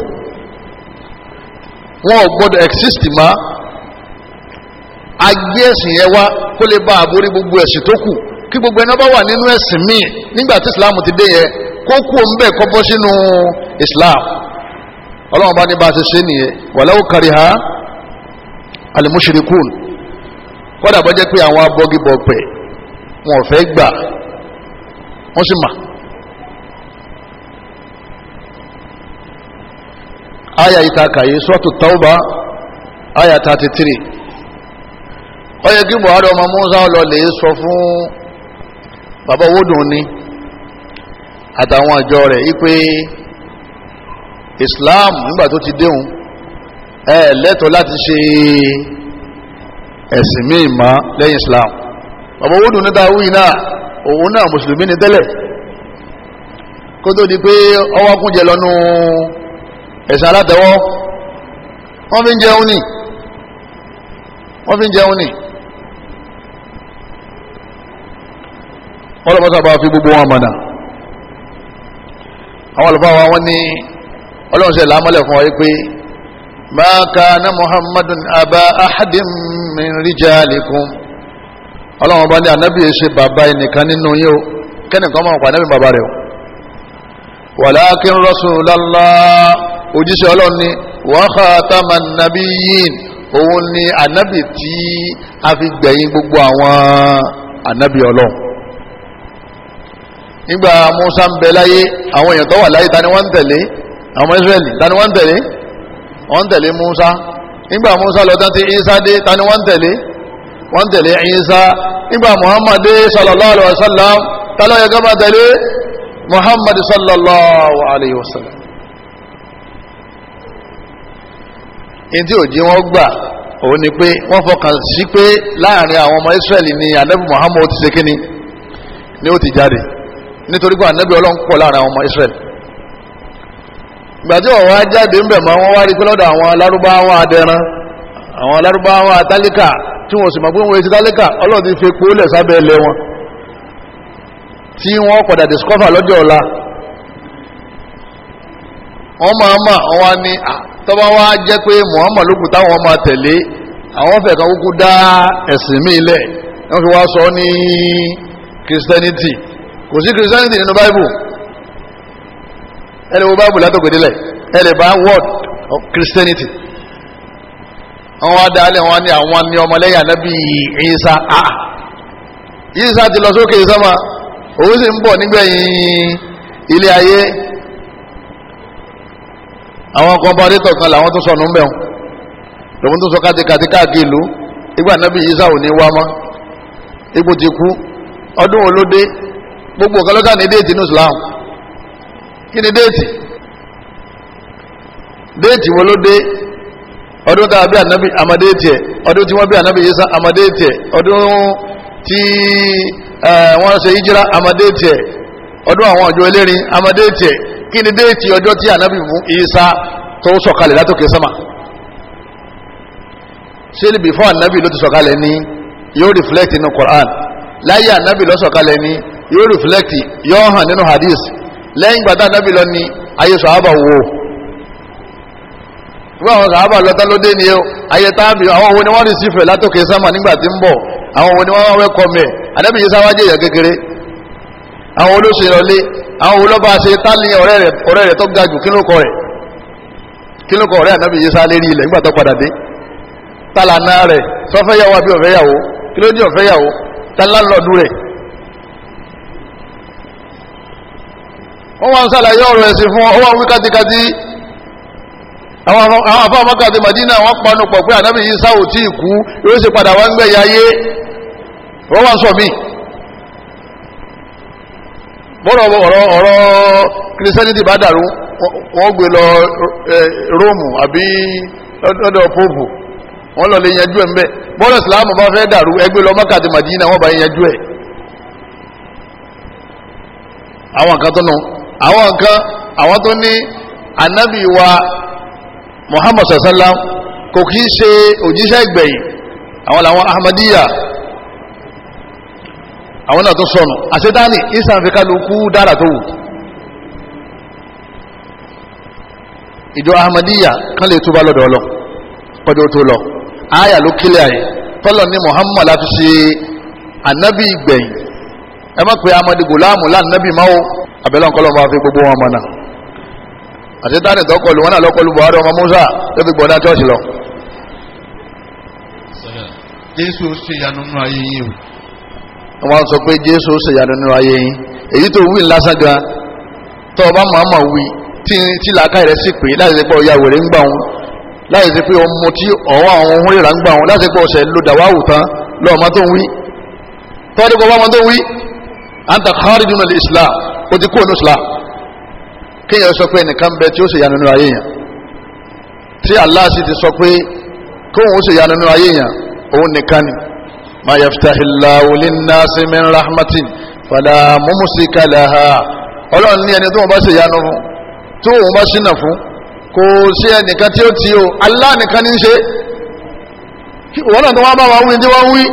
Speaker 1: wọn ò gbọdọ̀ exist mọ́ agbé ẹ̀sìn yẹn wá kó lè bá àborí gbogbo ẹ̀sìn tó kù kí gbogbo ẹni bá wà nínú ẹ̀sìn míì nígbà tí islam ti dé yẹn kó kú òun bẹ́ẹ̀ kọ́ bọ́ sínú islam ọlọ́run bá ní bá a ṣe ṣe nìyẹn walaw kariha al-mushrikun kọ́dà bọ́ jẹ́ pé àwọn abọ́gibọ̀pẹ̀ wọn ò fẹ́ gbà wọ́n sì mà aya yìí ta kàyé sọ́tù tauba aya thirty three ó yẹ buhari ọmọ musa ọlọ́lẹ̀ sọ fún bàbá wodun ni àtàwọn àjọ rẹ̀ ipe islam nígbà tó ti déhùn ẹ lẹ́tọ̀ọ́ láti ṣe ẹ̀sìn míì má lẹ́yìn islam bàbá wodun ní ta wíì náà òun náà mùsùlùmí ni tẹ́lẹ̀ kó tó di pé ọwọ́ lọ́nu. No ẹ̀sìn alátẹ̀wọ́ wọ́n fi ń jẹun ni wọ́n fi ń jẹun ni wọ́n lọ́pọ̀ sábà fi gbogbo wọn mọ̀nà àwọn àlùfáà wa wọ́n ní ọlọ́run ṣe làámọ́lẹ̀ fún wa yìí pé ma kana muhammadun aba ahadin min rijalikum ọlọ́run bá ní ànábì ṣe bàbá ẹnìkan nínú yìí o kẹ́nìkan máa ń bàbá rẹ̀ o walakin rasulallah òjíṣẹ́ ọlọ́run ni wa khataman nabiyyin òun ni ànábì tí a fi gbẹ̀yìn gbogbo àwọn ànábì ọlọ́run nígbà Musa ń bẹ láyé àwọn èèyàn tó wà láyé ta ni wọ́n ń tẹ̀lé àwọn Israẹli ta ni wọ́n ń tẹ̀lé wọ́n ń tẹ̀lé Musa nígbà Musa lọ tán ti Isa dé ta wọ́n ń tẹ̀lé wọ́n ń tẹ̀lé Isa nígbà Muhammad sallallahu alayhi wa sallam ta yẹ ká máa tẹ̀lé Muhammad sallallahu alayhi wa sallam. in tí ò jí wọ́n gbà òun ni pé wọ́n fọkàn sí pé láàrin àwọn ọmọ Israẹli ni anabi Muhammad ti ṣe kíni ni ó ti jáde nítorí pé anabi Ọlọ́run pọ̀ láàrin àwọn ọmọ Israẹli gbàtí ọ̀wá jáde ń bẹ̀ mọ́ wọ́n wá rí pé lọ́dọ̀ àwọn alárúbáwá adẹran àwọn alárúbáwá atálíkà tí wọ́n sì mọ̀ pé wọ́n ti tálíkà Ọlọ́run ti fi epo lẹ̀ sábẹ́ ilẹ̀ wọn tí wọ́n padà discover lọ́jọ́ ọ̀la wọ́n máa ma wọ́n á ní tọ́ba wa jẹ́ pé Muhammad lókun táwọn máa tẹ̀lé àwọn fẹ̀ kan kúkú dá ẹ̀sìn míì lẹ̀ wọ́n fi wá sọ ní Christianity kò sí Christianity nínú Bible ẹ Bible látọ̀gbẹ̀dẹ́lẹ̀ ẹ lè bá word of Christianity àwọn adalẹ̀ wọn ni àwọn ni ọmọlẹ́yìn anábì Isa a Isa ti lọ sókè sáma òun sì ń bọ̀ nígbẹ̀yìn ilé ayé àwọn kọmparétọ̀ kan làwọn tó sọnù ń bẹ̀ wọn lòun tó sọ kátikàtí káàkiri ìlú ìgbà nábì Ìsá ò ní wá mọ́ ipò ti kú ọdún olóde gbogbo ọ̀kan lọ́sà ní déètì ní Islam kí ni déètì déètì wo ló dé ọdún tá a bí ànábì àmàdéètì ẹ̀ ọdún tí wọ́n bí ànábì Ìsá àmàdéètì ẹ̀ ọdún tí eh, wọ́n ṣe hijira àmàdéètì ẹ̀ ọdún àwọn ọjọ́ elérin amadeeti ẹ̀ kí ni déètì ọjọ́ tí ànábì mú Ìsá tó sọ̀kalẹ̀ látòkè sánmà sílì before ànábì ló ti sọ̀kalẹ̀ ní yóò reflect nínú Quran láyé ànábì ló sọ̀kalẹ̀ ní yóò reflect yóò hàn nínú hadith lẹ́yìn gbàtà ànábì lọ ní ayé sọ̀hábà wo wọ́n àwọn sọ̀hábà lọ́tà ló dé ní o ayé tábì àwọn òun ni wọ́n rí sífẹ̀ látòkè sánmà nígbà tí ń bọ̀ àwọn òun ni wọ́n wá wẹ́kọ̀ mẹ́ ànábì Ìsá wá jẹ́ èèyàn kékeré àwọn olóṣèlú ìrọ̀lẹ́ àwọn olóba ṣe tálí ọ̀rẹ́ rẹ̀ tó ga jù kínlókọ rẹ̀ kínlókọ rẹ̀ ànábì yé sá lérí ilẹ̀ nígbà tó padà dé tálànà rẹ̀ sọfẹ́yàwó àbí ọ̀fẹ́yàwó kí ló dé ọ̀fẹ́yàwó tálálọ́ọ̀dù rẹ̀ wọ́n wá ń sàlàyé ọ̀rọ̀ ẹ̀sìn fún ọwọ́ wí kátikáti àwọn afọ́mọ́kà àti Madina wọ́n panu pọ̀ pé ànábì yìí sáwò tí ì kú yóò sì padà wá ń gbẹ̀yà ayé wọ́n wá ń sọ míì bọ́rọ̀ ọ̀rọ̀ ọ̀rọ̀ kìrìsẹ́nìtì bá dàrú wọ́n gbé lọ róòmù àbí lọ́dọ̀ pópù wọ́n lọ lè yanjú ẹ̀ mbẹ́ bọ́rọ̀ ìsìláàmù bá fẹ́ dàrú ẹgbẹ́ lọ Mákà àti wọ́n bá yanjú ẹ̀ àwọn kan tó nù àwọn kan àwọn tó ní anábì wa muhammadu sallam kò kí àwọn náà tó sọnù àṣetáni ìsàn fi kálukú dára tó wù ìjọ ahmadiyya kan lè túbá lọ́dọ̀ ọlọ pẹ̀lú tó lọ àyà ló kílẹ̀ ayé tọ́lọ̀ ní muhammad láti ṣe anabi gbẹ̀yìn ẹ má pe amadi gulamu lánàbì máwo abẹ́lẹ́ ọ̀kọ́ lọ́mọ àfi gbogbo wọn mọ̀nà àṣetáni tọ́kọlù wọn náà lọ́kọlù buhari ọmọ musa tó fi gbọ̀dá chọ́ọ̀ṣì lọ. jésù ṣe ìyanu nù ayé yìí o wọ́n sọ pé jésù ṣèyàdùn nínú ayé yín èyí tó wí lásán gan tó o bá màmá wí tí làákà rẹ̀ sì pé láti ṣe pé ọ̀ya wèrè ń gbà wọn láti ṣe pé ọmọ tí ọ̀wọ́ àwọn ohun rírà ń gbà wọn láti ṣe pé ọ̀sẹ̀ ló dàwà àwùtán lọ́ọ̀mọ́ tó ń wí tọ́wọ́dé kọ́ bámọ́ tó ń wí anta kharijun al islam ó ti kú ònú islam kéèyàn sọ pé ẹnìkan bẹ tí ó ṣèyàdùn nínú ayé yẹn tí Allah sì ti sọ pé kóun ó ṣèyàdùn nínú ayé yẹn òun nìkan ni ما يفتح الله للناس من رحمة فلا ممسك لها ọlọ́run ní ẹni tó wọn bá ṣe ìyanu fún tó wọn bá ṣínà fún kò sí ẹnìkan tí ó ti o Allah ní ṣe wọn náà tó wọn bá wà wí tí wọn wí.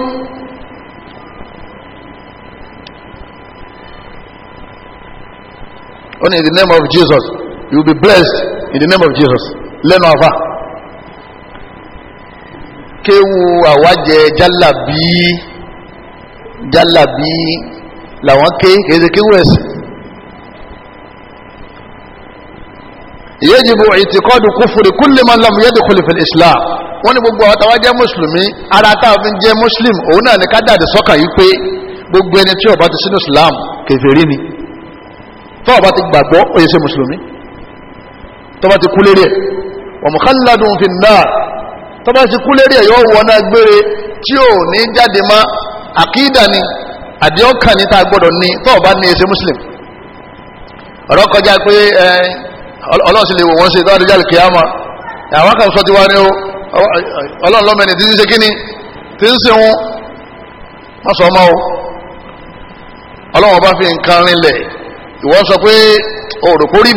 Speaker 1: ó ní in the name of Jesus you will be blessed in the name of Jesus lẹ́nu àfà kéwu àwájẹ jálàbí jálàbí làwọn ké kéde kéwu ẹsẹ. yajibu i'tiqadu kufri kulli man lam yadkhul fil islam wọ́n ní gbogbo àwọn jẹ́ mùsùlùmí ara tá a fi jẹ́ mùsùlùm òun náà ní ká dàdé sọ́kàn yìí pé gbogbo ẹni tí ó bá ti sínú islam kèfèrí ni tó bá ti gbàgbọ́ ó yẹ mùsùlùmí tó bá ti kú lérí ẹ̀ wa mukhalladun fin nar tọ́ba ti kú lérí ẹ̀yọ́ wọná gbére tí ò ní jáde mọ́ àkídà ni àdéhùnkàn ní a ní ní ẹsẹ̀ muslim ọ̀rọ̀ kọjá pé ẹ sì lè wò wọ́n ṣe tọ́wọ́ adéjà kìá àwọn kan sọ ti wá ní o ọlọ́run lọ́mẹ́ni ń ṣe ń wọn má sọ ọmọ o ọlọ́run bá fi nǹkan rinlẹ̀ sọ pé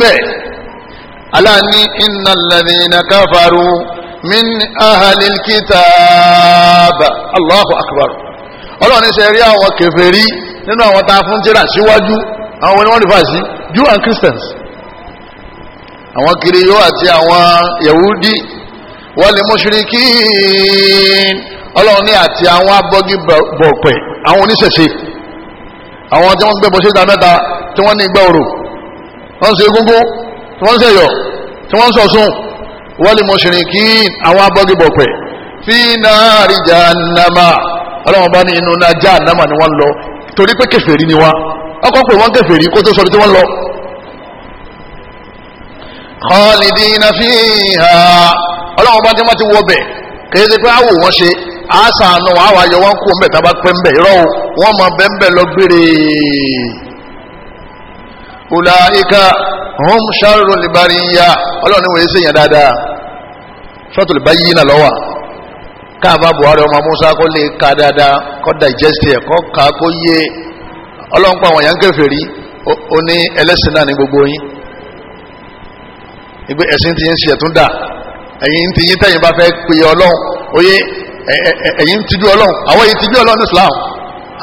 Speaker 1: bẹ́ẹ̀ aláàní من أهل الكتاب الله أكبر. ọlọ́run ṣe rí àwọn kèfèrí nínú àwọn tá a fún jẹ́rà síwájú àwọn wọn ni wọ́n rí fàásì Jew and Christians àwọn kiri yóò àti àwọn yahudi wal mushrikin ọlọ́run ní àti àwọn abọ́gi bọ̀pẹ̀ àwọn oníṣẹ̀ṣe àwọn tí wọ́n ń gbẹ́bọ̀ ṣe mẹ́ta tí wọ́n ní igbá orò wọ́n ń ṣe egúngún tí wọ́n ń ṣẹ̀yọ̀ tí wọ́n ń sọ̀sùn wal mushrikin àwọn abọ́gibọ̀pẹ̀ fi nari jahannama ọlọ́wọ́n bá ní inú náà jahannama ni wọ́n lọ torí pé kèfèrí ni wọ́n ọkọ̀ pé wọ́n kèfèrí kó tó sọ tí wọ́n lọ. khalidina fiha ọlọ́wọ́n bá ní wọ́n ti wọ bẹ̀ kèé ṣe pé àwò wọn ṣe àṣàánú àwọn ayọ̀ wọn kú mbẹ̀ tábà pẹ́ mbẹ̀ irọ́ wọn mọ bẹ́ẹ̀ mbẹ̀ lọ gbére. ulaika hum sharru libariya ọlọ́run wòye sí yẹn dáadáa sọ́tò lùbá yìí náà lọ́wọ́ káàbá buhari ọmọ musa kó lè ka dáadáa kó digest ẹ̀ kó ka kó yé ọlọ́run pa àwọn yàn kèfèrí ó ní ẹlẹ́sìn náà ní gbogbo yín ìgbé ẹ̀sìn ti ń ṣe ẹ̀tún dà ẹ̀yin ti yín tẹ̀yìn bá fẹ́ pe ọlọ́run oyè ẹ̀yin ti bí ọlọ́run àwọn èyí ti bí ọlọ́run ní Islam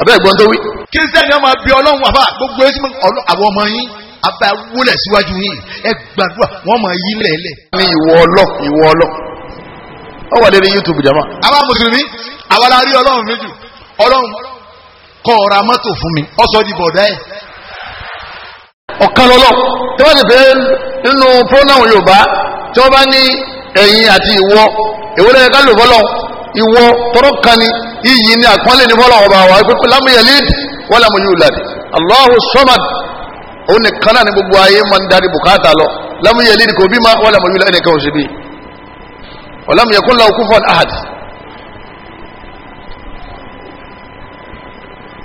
Speaker 1: abẹ́ ẹ̀gbọ́n tó wí. kí n sẹ́ni ọmọ bí ọlọ́run wà fà gbogbo ẹ̀ sí àwọn ọmọ yín abẹ́ wúlẹ̀ síwájú yìí ẹ gbàdúrà wọ́n mọ̀ yí lẹ̀lẹ̀. ní ìwọ ọlọ ìwọ ọlọ ọ wà lórí youtube jama. àwa mùsùlùmí àwa la rí ọlọ́run méjì ọlọ́run kọ ọ̀rọ̀ amọ́tò fún mi di bọ̀dá ẹ̀. ọ̀kan lọ́lọ́ tí wọ́n ti fẹ́ nínú pronoun yorùbá tí wọ́n bá ní ẹ̀yin àti ìwọ ìwọ lẹ́yìn kálù fọlọ́ ìwọ tọ́rọ̀ kan ni iyì ni àpọ́nlé ni fọlọ́ ọba wọ́n ó ní kánà ní gbogbo ayé máa lamu darí ni lọ lámúyẹ lè kò bí máa wọ́n làmúyẹ lẹ́nu kan òsì bí ọ̀làmúyẹ kó lọ kú fún ahad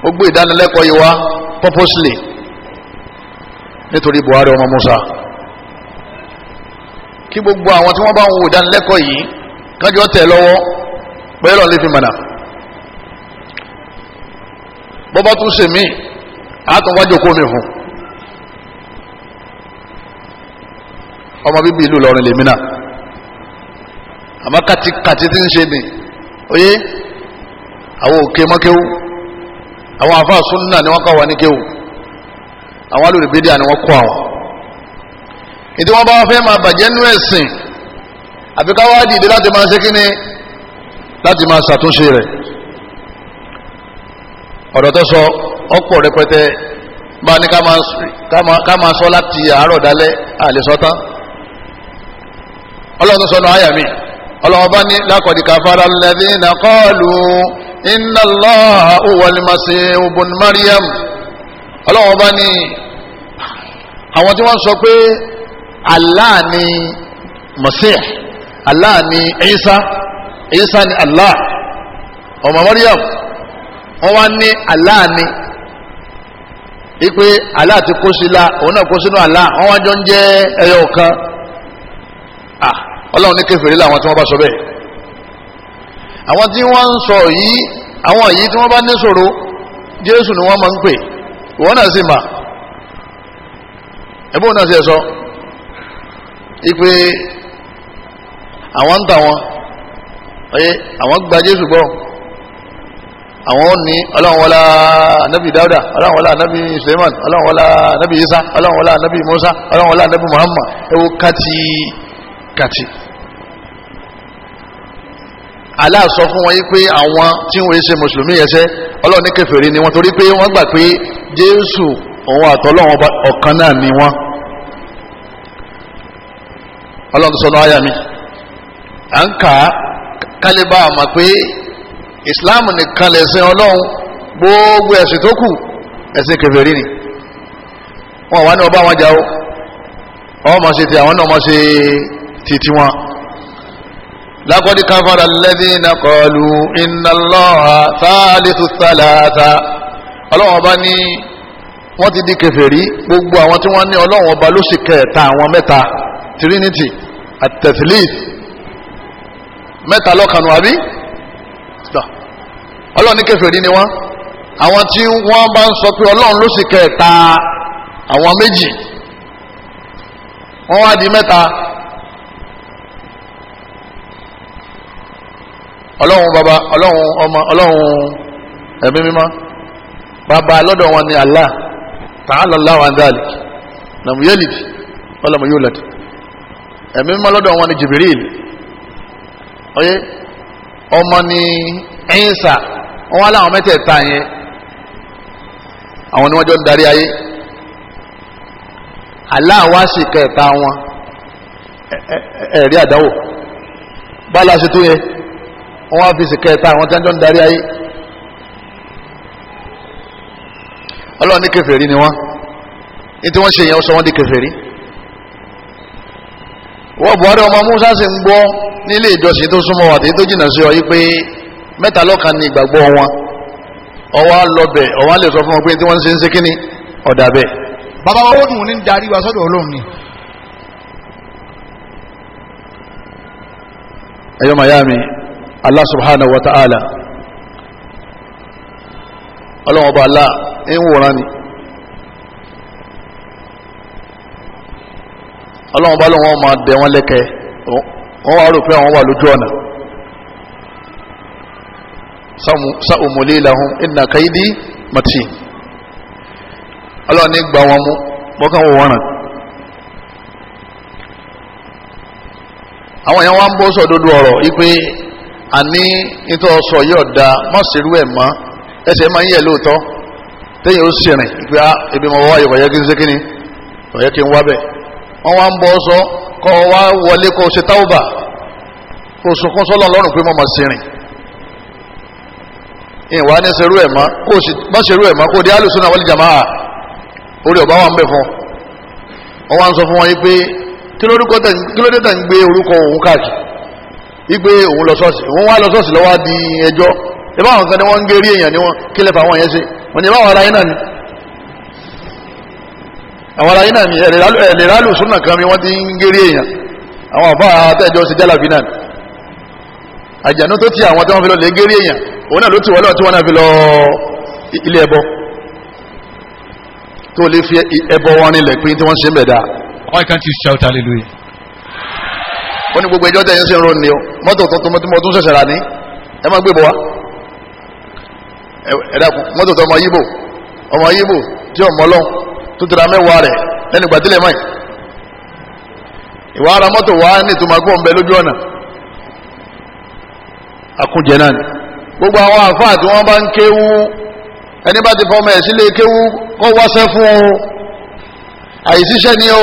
Speaker 1: ó gbé ìdánilẹ́kọ̀ọ́ yìí wá purposely nítorí Buhari ọmọ Musa kí gbogbo àwọn tí wọ́n bá ń wo ìdánilẹ́kọ̀ọ́ yìí kájọ tẹ̀ lọ́wọ́ pẹ́ẹ́rọ lè fi mọ̀nà bọ́bá tún ṣèmí àtúnwájú kó mi fún un. ọmọ bíbí ìlú Ìlọrin lèmi náà àmọ́ kàtí tí ń ṣe ni oyé àwọn òkè mọ́kéwú àwọn àfáà súnnà ni wọ́n kọ́ wa ní kéwú àwọn alùrìbídíà ni wọ́n kọ́ àwọn ìdí wọ́n bá wọ́n fẹ́ máa bàjẹ́ nú ẹ̀sìn àfi ká dìde láti máa ṣe kíni láti máa ṣàtúnṣe rẹ̀ ọ̀dọ̀ tó sọ ọ̀pọ̀ rẹpẹtẹ bá ní ká máa sọ láti àárọ̀ dálẹ́ àlè sọ tán ọlọ́run tó sọnù àyà mi ọlọ́run bá ní laqad kafara alladhina qalu inna Allaha huwal masih ibn Maryam ọlọ́run bá ní àwọn tí wọ́n sọ pé Allah ni masih Allah ni Isa Isa ni Allah ọmọ Maryam wọ́n wá ní Allah ni ipe Allah ti kó sí la òun náà kó sínú Allah wọ́n wá jọ ń jẹ́ ẹyọ kan ọlọ́run ní kèfèrí làwọn tí wọ́n bá sọ bẹ́ẹ̀ àwọn tí wọ́n ń sọ yìí àwọn yìí tí wọ́n bá ní sọ̀rọ̀ jésù ni wọ́n máa ń pè wọ́n náà sì mà ẹ̀bùn náà sì ẹ̀ sọ ipe àwọn ń tà wọn ọyẹ àwọn gba jésù gbọ́ àwọn ní ọlọ́run wọlá anabi dauda ọlọ́run wọlá anabi suleiman ọlọ́run wọlá anabi isa ọlọ́run wọlá anabi musa ọlọ́run wọlá anabi muhammad ẹ̀wọ̀ kàtí kàtì ala sọ fún wọn yìí pé àwọn tí wọ́n ṣe mùsùlùmí yẹn ṣe ọlọ́run ní kèfèrí ni wọ́n torí pé wọ́n gbà pé jésù òun àtọ́lọ́run ọ̀kan náà ni wọ́n ọlọ́run tó sọnù àyà mi à ń kà á kálíbà àmọ́ pé ìsìláàmù nìkan lẹ̀sìn ọlọ́run gbogbo ẹ̀sìn tó kù ẹ̀sìn kèfèrí ni wọ́n wá ní ọba wọn jà ó ọmọ ṣe ti àwọn náà ọmọ ṣe títí wọn. lakodi kafara alladhina qalu inna Allaha thalithu thalatha ọlọ́wọ́n bá ní wọ́n ti di kèfèrí gbogbo àwọn tí wọ́n ní ọlọ́wọ́n ọba ló sì kẹta àwọn mẹ́ta trinity at-tathlith mẹ́ta lọ́kànnù àbí ọlọ́ọ̀ni kèfèrí ni wọ́n àwọn tí wọ́n bá ń sọ pé ọlọ́run ló sì kẹta àwọn méjì wọ́n wá di mẹ́ta ọlọ́run bàbá ọlọ́run ọmọ ọlọ́run ẹ̀mí mímọ́ bàbá lọ́dọ̀ wọn ni Allah ta'ala Allahu an dhalik lam yalid wa lam yulad ẹ̀mí mímọ́ lọ́dọ̀ wọn ni Jibril ọyẹ ọmọ ni Ìsá wọn wá láwọn mẹ́tẹ̀ẹ̀ta yẹn àwọn ni wọ́n jọ ń darí ayé Allah wá sí kẹta wọn ẹ̀rí àdáwò bá a láṣẹ tó yẹ wọ́n wá fi sì kẹta àwọn tẹ́jọ́ ń darí ayé ọlọ́run ní kèfèrí ni wọ́n ní tí wọ́n ṣe yẹn ó sọ wọ́n di kèfèrí wọ́n buhari ọmọ musa sì ń gbọ́ nílé ìjọsìn tó súnmọ́ wà tí tó jìnnà sí ọ yí pé mẹ́ta lọ́kan ní ìgbàgbọ́ wọn ọwọ́ lọ́bẹ̀ ọwọ́ lè sọ fún wọn pé tí wọ́n ń ṣe ń ṣe kíni ọ̀dà bẹ́ẹ̀. bàbá wa ó dùn ní darí wa sọ́dọ̀ ọlọ́run ni. ẹ̀yọ́ màyá mi Allah subhanahu wa ta'ala Allah ọba Allah ń ni Allah ọba wọ́n wá rò pé àwọn wà lójú ọ̀nà mati ní gbà wọn mú bọ́kàn àwọn èèyàn wá ń àní nítorí ọsọ yóò da ẹ̀ mọ́ ẹsẹ̀ máa ń yẹ lóòótọ́ tẹ́yìn ó sì rìn ah, kí n ṣe kí ni ìwọ̀yẹ́ kí n wá bẹ̀ wọ́n wá ń bọ́ sọ kọ́ wá wọlé o ṣe táwùbà kó o sunkún sọ́lọ́ lọ́rùn pé mo mọ̀ sí rìn ìwà ní ṣerú ẹ̀ mọ́ ẹ̀ mọ́ kó o wa ń fún ọ wọ́n wá wípé òun lọ sọ́ọ̀sì òun wá lọ sọ́ọ̀sì lọ́wọ́ di ẹjọ́ ìbá àwọn kan ni wọ́n ń gé rí èèyàn ni wọ́n kí lẹ́fà àwọn yẹn ṣe wọ́n ni ìbáwọn ara yín náà ni àwọn ara yín náà ni ẹ̀lẹ́rálù súnà kan mi wọ́n ti ń gé rí èèyàn àwọn àbá àtẹ́jọ́ ṣe jálàbí náà àjànú tó ti àwọn tí wọ́n fi lọ lè gé rí èèyàn òun náà ló ti wọlé ọtí wọn náà fi lọ ilé ẹbọ tó lè fi ẹbọ wọn nílẹ̀ pé tí wọ́n ṣe ń bẹ̀ dáa. Why can't you shout hallelujah? ó ní gbogbo ẹjọ́ tẹ̀yìn sí ń ronú ni o mọ́tò tuntun mo tún ṣẹ̀ṣẹ̀ rà ní ẹ má gbé bọ̀ wá ẹ dákun mọ́tò tó ọmọ yíbò ọmọ yíbò tí ọmọ lọ tó tẹ̀ra mẹ́wàá rẹ̀ lẹ́nu gbàdílẹ̀ mọ́ ìwà ara mọ́tò wá ní ìtumọ̀ gbọ́n bẹ lójú ọ̀nà àkúnjẹ náà ni gbogbo àwọn àfáà tí wọ́n bá ń kéwú ẹni bá ti fọmọ ẹ̀ sílé kéwú kọ́ wáṣẹ́ fún o àìsíṣẹ́ ni o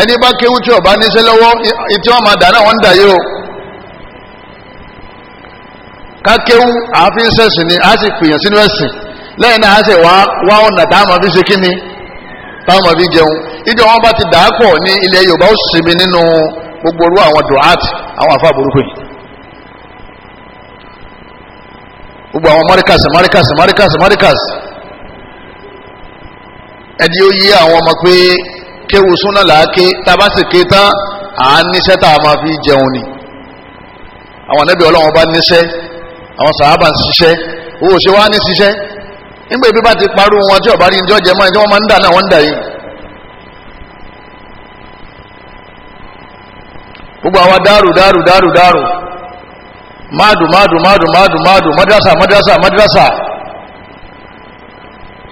Speaker 1: ẹni bá kéwú tí ọba níṣẹ́ lọ́wọ́ ìtí wọn máa dà náà wọ́n ń dà yìí o ká kéwú àáfin sẹ́sìn ni a sì pèèyàn sínú ẹ̀sìn lẹ́yìn náà a sì wá wá ọ̀nà táwọn fi ṣe kíni táwọn fi jẹun ìjọ wọn bá ti dà á pọ̀ ní ilẹ̀ Yorùbá ó sinmi nínú gbogbo orú àwọn duat àwọn àfa burúkú yìí gbogbo àwọn mọ́ríkàsì mọ́ríkàsì mọ́ríkàsì mọ́ríkàsì ẹ̀dí ó yí àwọn ọmọ pé kéwu súnà làáké tába sì ké tán à ń níṣẹ́ tá a máa fi jẹun ni àwọn anábì ọlọ́run bá níṣẹ́ àwọn sàhábà ń ṣiṣẹ́ owó ṣe wá ní ṣiṣẹ́ nígbà ibi bá ti parú wọn tí ọba rí ní jọjẹ mọ́ ẹni tí wọ́n máa ń dà náà wọ́n ń dà yìí. gbogbo àwa dáàrú dáàrú dáàrú dáàrú máàdù máàdù máàdù máàdù máàdù madrasa madrasa madrasa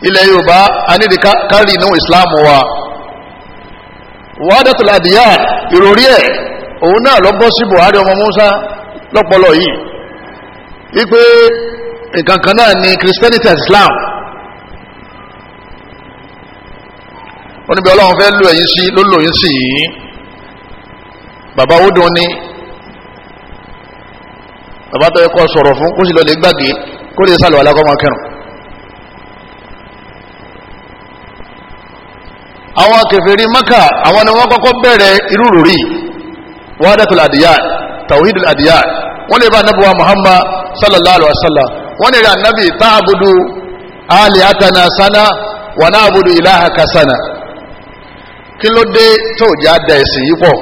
Speaker 1: ilẹ̀ yorùbá anídìí kárì inú ìsìláàmù wa wàhádàtò làdìyà ìròrí ẹ̀ òun náà lọ bọ́ sí buhari ọmọ musa lọ́pọ̀lọ́ yìí wípé nǹkan kan náà ni christianity and islam wọ́n níbi ọlọ́run fẹ́ lò ẹ̀yìn sí ló lò yín sí yìí bàbá odò ni bàbá tó yẹ kó sọ̀rọ̀ fún kó sì lọ lè gbàgbé kó lè sálọ̀ alákọ̀ọ́mọ kẹrùn àwọn kèfèrí maka àwọn ni wọ́n kọ́kọ́ bẹ̀rẹ̀ irú rúrí wahdatul adiyat tawhidul adiyat wọ́n lè bá anabi wa muhammad sallallahu alaihi wa sallam wọ́n lè rí anabi ta'abudu alihatana sana wa na'budu ilahaka sana kí ló dé tó jẹ́ àdá ẹ̀sìn yìí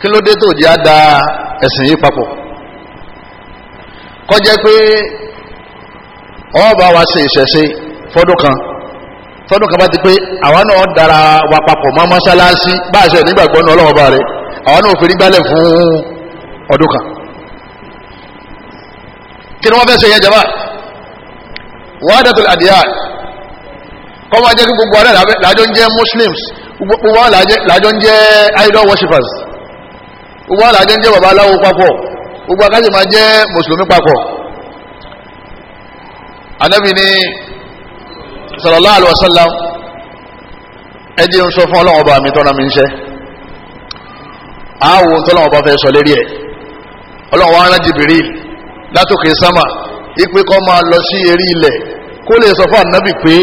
Speaker 1: kí ló dé tó jẹ́ àdá ẹ̀sìn yìí kọjá pé ọba wa ṣe ìṣẹ̀ṣe fọdún kan tọ́dún kan bá ti pé àwa náà dara wa papọ̀ mọ́ mọ́ṣáláṣí bá a ṣe nígbàgbọ́ náà ọlọ́wọ́ bá rẹ̀ àwa náà fi nígbàlẹ̀ fún ọdún kan kí ni wọ́n fẹ́ ṣe yẹn jama wahdatul adiyan kọ́ jẹ́ kí gbogbo ara làjọ ń jẹ́ muslims gbogbo wa làjọ ń jẹ́ idol worshippers gbogbo wa làjọ ń jẹ́ babaláwo papọ̀ gbogbo akájọ máa jẹ́ mùsùlùmí papọ̀ anabi ni sallallahu alaihi wasallam ẹdí ń sọ fún ọlọ́wọ́n ọba mi tọ́nà mi ń ṣe àáwò tọ́lọ́wọ́n ọba fẹ́ sọ lérí ẹ̀ ọlọ́wọ́n wa rán Jibril látòkè sámà ipe kọ́ máa lọ sí eré ilẹ̀ kó lè sọ fún ànábì pé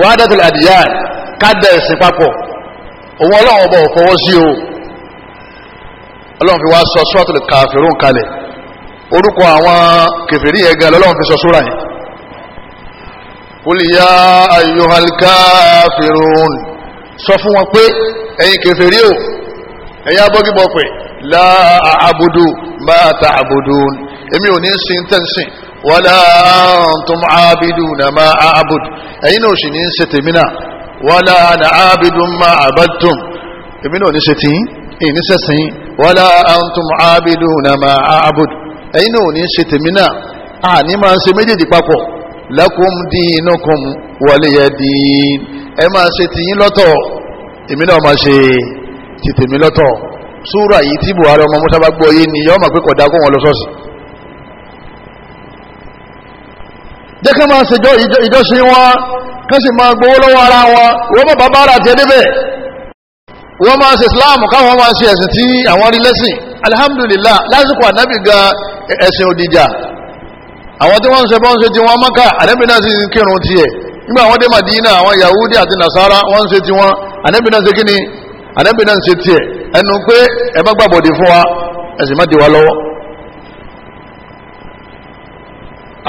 Speaker 1: wahdatul adiyan kádà ẹ̀sìn papọ̀ òun ọlọ́wọ́n ọba fọwọ́ sí o ọlọ́wọ́n fi wá sọ suratul kafirun kalẹ̀ orúkọ àwọn kèfèrí yẹn gan fi sọ sóra yẹn kúlìyà ayyuhalka fìrún sọ fún wọn pé ẹ̀yin kèfèrí o ẹ̀yin abọ́gibọ̀ pé láà àbùdù má ta àbùdù èmi ò ní sin tẹ́ǹsìn wàlá antum àbìdù nà má àbùdù ẹ̀yin náà sì ní ṣe tèmi náà wàlá nà àbìdù má àbàdùn èmi náà ní ṣe tìyín ìní ò ní ṣe tèmi náà àní máa ń ṣe lakum dinukum waliya din ẹ máa ṣe tìyín lọ́tọ̀ èmi náà máa ṣe ti tèmi lọ́tọ̀ súra yìí tí buhari ọmọ musa bá gbọ́ yé ni yọ́ máa pé kọ̀dá kó wọn lọ sọ́ọ̀sì jẹ́ ká máa ṣèjọ́ ìjọsìn wọn ká sì máa gbowó lọ́wọ́ ara wọn wọ́n mọ̀ bàbá ara tiẹ̀ wọ́n máa ṣe islam káwọn máa ṣe ẹ̀sìn tí àwọn rí lẹ́sìn alihamdulillah lásìkò ànábì gan ẹ̀sìn òdìjà àwọn tí wọ́n ń ṣe bọ́n ṣe ti wọn mọ́kà ànábì náà sì ń kírun nígbà àwọn dé Madina àwọn Yahudi àti Nasara wọ́n ń ṣe ti wọn ànábì náà ṣe kí ni ànábì náà ṣe tiẹ̀ ẹnu pé ẹ má gbàbọ̀dé fún wa ẹ sì má di wa lọ́wọ́.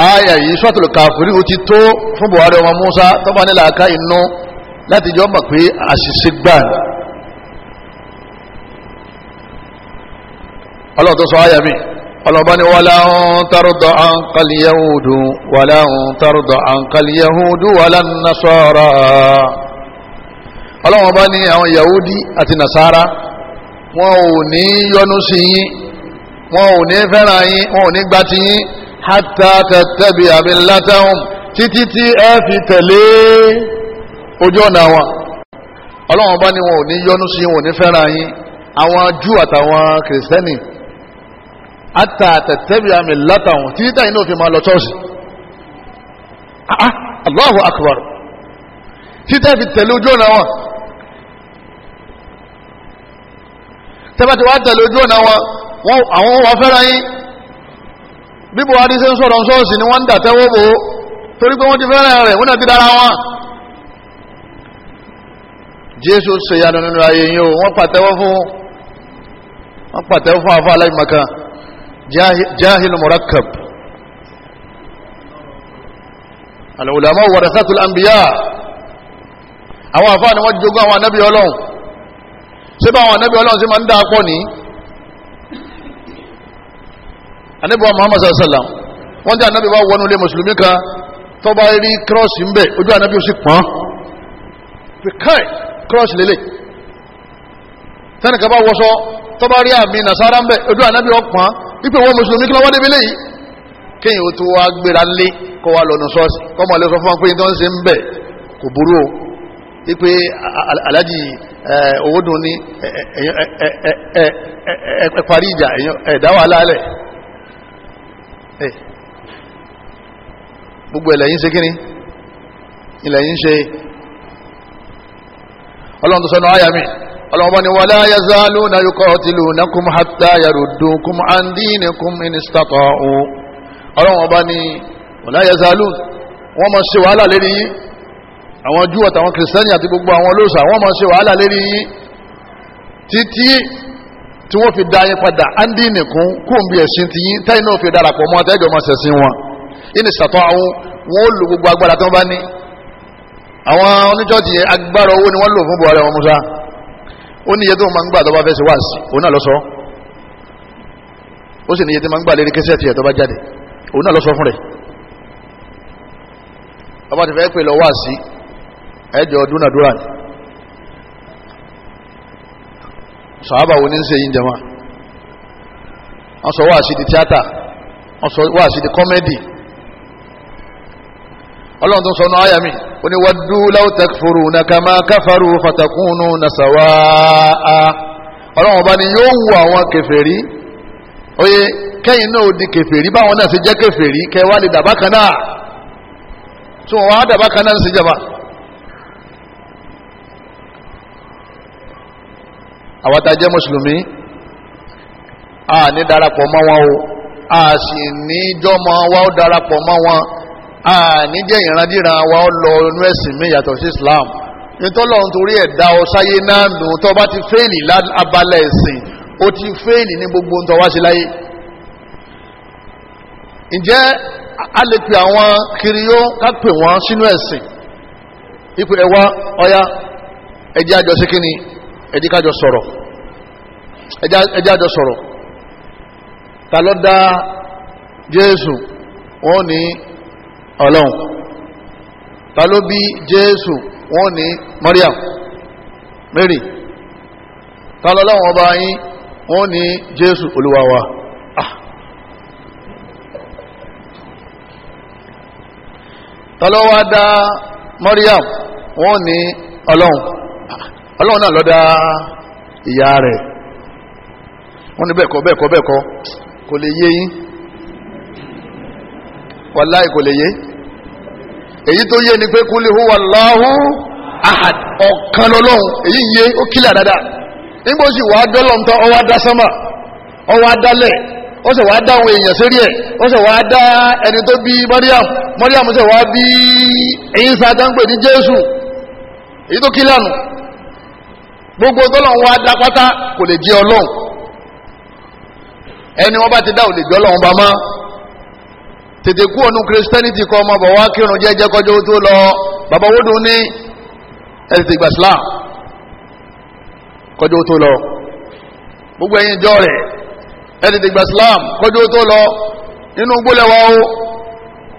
Speaker 1: aya yìí sọ́tòlù kàfúrí ó ti tó fún Buhari ọmọ Musa tọ́ba nílà aka inú láti jọ mọ̀ pé àṣìṣe gbà ní. sọ aya mi ọlọ́bani wàlá ń tàrùdọ̀ àn kàlíyahudu wàlá ń tàrùdọ̀ àn kàlíyahudu wàlá ń nasọ́ra ọlọ́wọ́n bá ní àwọn yahudi àti nasara wọn ò ní yọ́nú sí yín wọn ò ní fẹ́ràn yín wọn ò ní gbà ti yín hatta tẹ̀tẹ̀bi àbílátẹ́hùn títí tí ẹ fi tẹ̀lé ojú ọ̀nà wọn ọlọ́wọ́n bá ní wọn ò ní yọ́nú sí yín wọn ò ní fẹ́ràn yín àwọn júù àtàwọn kìrìsìtẹ́nì àtà àtẹ̀tẹ̀bí àmì látàwọn tí dáì náà fi máa lọ ṣọ́ọ̀ṣì ah, ah, Allahu akbar títẹ́ fi tẹ̀lé ojú ọ̀nà wọn tẹ́bàtí wá tẹ̀lé ojú ọ̀nà wọn àwọn wọn fẹ́ra yín bí Buhari ṣe ń sọ̀rọ̀ ṣọ́ọ̀ṣì ni wọ́n ń dà tẹ́wọ́ bò ó torí pé wọ́n ti fẹ́ràn rẹ̀ wọ́n náà ti dára wọn Jésù ṣèyanu nínú ayé yìí o wọ́n pàtẹ́wọ́ fún wọ́n pàtẹ́wọ́ fún àfọ aláìmọ̀kan jahil murakkab alùlámà wàrẹ́sàtùl àmbíyà àwọn àfáà ni wọ́n jogún àwọn anábì ọlọ́run ṣé bá àwọn anábì ọlọ́run ṣe máa ń dá pọ̀ ní anábì wa muhammad sallallahu alaihi wasallam wọ́n jẹ́ anábì wa wọnú ilé mùsùlùmí kan tó bá rí kírọ́ọ̀sì ń bẹ̀ ojú anábì ó sì pọ́n fi káì kírọ́ọ̀sì lélẹ̀ tẹ́nìkan bá wọṣọ tó bá rí àmì nàṣàrà ń bẹ̀ ojú anábì ó pọ́n wípé wọ́n mùsùlùmí kí lọ́wọ́ débi léyìí kéyìn ó tó wá gbéra lé kó wá lọ́nu sọ́ọ̀sì kọ́mọ lè sọ fún wọn pé tó ń ṣe ń bẹ̀ kò burú o wípé alájì owó dùn ní ẹ ìjà ẹ̀dá wà lálẹ̀ gbogbo ẹ̀lẹ́yìn ṣe kíni ìlẹ̀yìn ṣe ọlọ́run tó sọ́nà áyà mi ọlọ́wọ́ ni wala yazaluna yuqatilunakum hatta yaruddukum an dinikum in istata'u ọlọ́wọ́ bá ní wala yazaluna wọ́n máa ṣe wàhálà lérí yín àwọn jù àtàwọn kìrìsìtẹ́nì àti gbogbo àwọn olóòṣà wọ́n máa ṣe wàhálà lérí yín títí tí wọ́n fi dá yín padà an dinikum kó ń bí ẹ̀sìn ti yín tẹ́yìn náà fi darapọ̀ mọ́ tẹ́jọ́ máa ṣẹ̀sìn wọn in ó ní iye tó máa ń gbà tó bá fẹ́ ṣe wáàsí òun náà lọ sọ ó sì ní iye tó máa ń gbà lérí kẹsẹ̀ tiẹ̀ tó bá jáde òun náà lọ sọ fún rẹ̀ ọba ti fẹ́ pè lọ wáàsí ẹjọ́ dúnàdúrà ni di tíátà wọ́n sọ wáàsí di kọ́mẹ́dì ọlọ́run tó ń sọ ayami. ó ní waddu law takfuruna kama kafaru fatakununa sawaa ọlọ́run ọba ni yóò wu àwọn kèfèrí oye kẹ́yìn náà ó di kèfèrí báwọn náà ṣe jẹ́ kèfèrí kẹ́ wá lè dàbá kan náà tí wọ́n wá dàbá kan náà ń ṣèjọba. àwọn tá mùsùlùmí a ní darapọ̀ mọ́ wọn o a sì ní jọ́mọ wa ó darapọ̀ mọ́ wọn àníjẹ́ ìrandíran wa ọ lọ inú ẹ̀sìn mi yàtọ̀ sí Islam nítọ́lọ́ nítorí ẹ̀dá ọ̀sáyé náà nù tó bá ti fẹ́ẹ̀lì lábalẹ̀ ẹ̀sìn ó ti fẹ́ẹ̀lì ní gbogbo ǹtọ́ wá sí láyé ǹjẹ́ a lè pè àwọn kiriyó ká pè wọ́n sínú ẹ̀sìn ipò ẹ̀wá ọya ẹjẹ́ ọlọ́run ta ló bí jésù wọ́n ní maria mary ta lọ́lọ́run ọba yín wọ́n ní jésù olúwa ah. ta ló wá dá maria wọ́n ní ọlọ́run ah. ọlọ́run náà ló dá ìyá rẹ̀ wọ́n ní bẹ́ẹ̀kọ́ bẹ́ẹ̀kọ́ bẹ́ẹ̀kọ́ kò lè yé yín Wala kò lè yé èyí tó yé ni pé kúlẹ̀ hu wàláhu ahad ọ̀kan lọ́lọ́hún èyí yé ó kílẹ̀ dáadáa nígbà tí wàá dọ́lọ̀ nǹkan ọwọ́ sánmà ọwọ́ adálẹ̀ ó sì wàá dá àwọn èèyàn sórí ẹ̀ ó sì wàá dá ẹni tó bí Mariam Mariam sì wàá bí Ìsá dáńgbè ní Jésù èyí tó kílẹ̀ nù gbogbo tọ́lọ̀ ń dá pátá kò lè ti dá bá tètè kú ọ̀nù christianity kọ́ ọmọ bọ̀ wá kírun jẹ́jẹ́ kọjọ́ tó lọ bàbá wódù ní ẹ̀sìn ìgbà islam kọjọ́ tó lọ gbogbo ẹ̀yin ìjọ rẹ̀ ẹ̀sìn ìgbà islam kọjọ́ tó lọ nínú gbólẹ̀wá o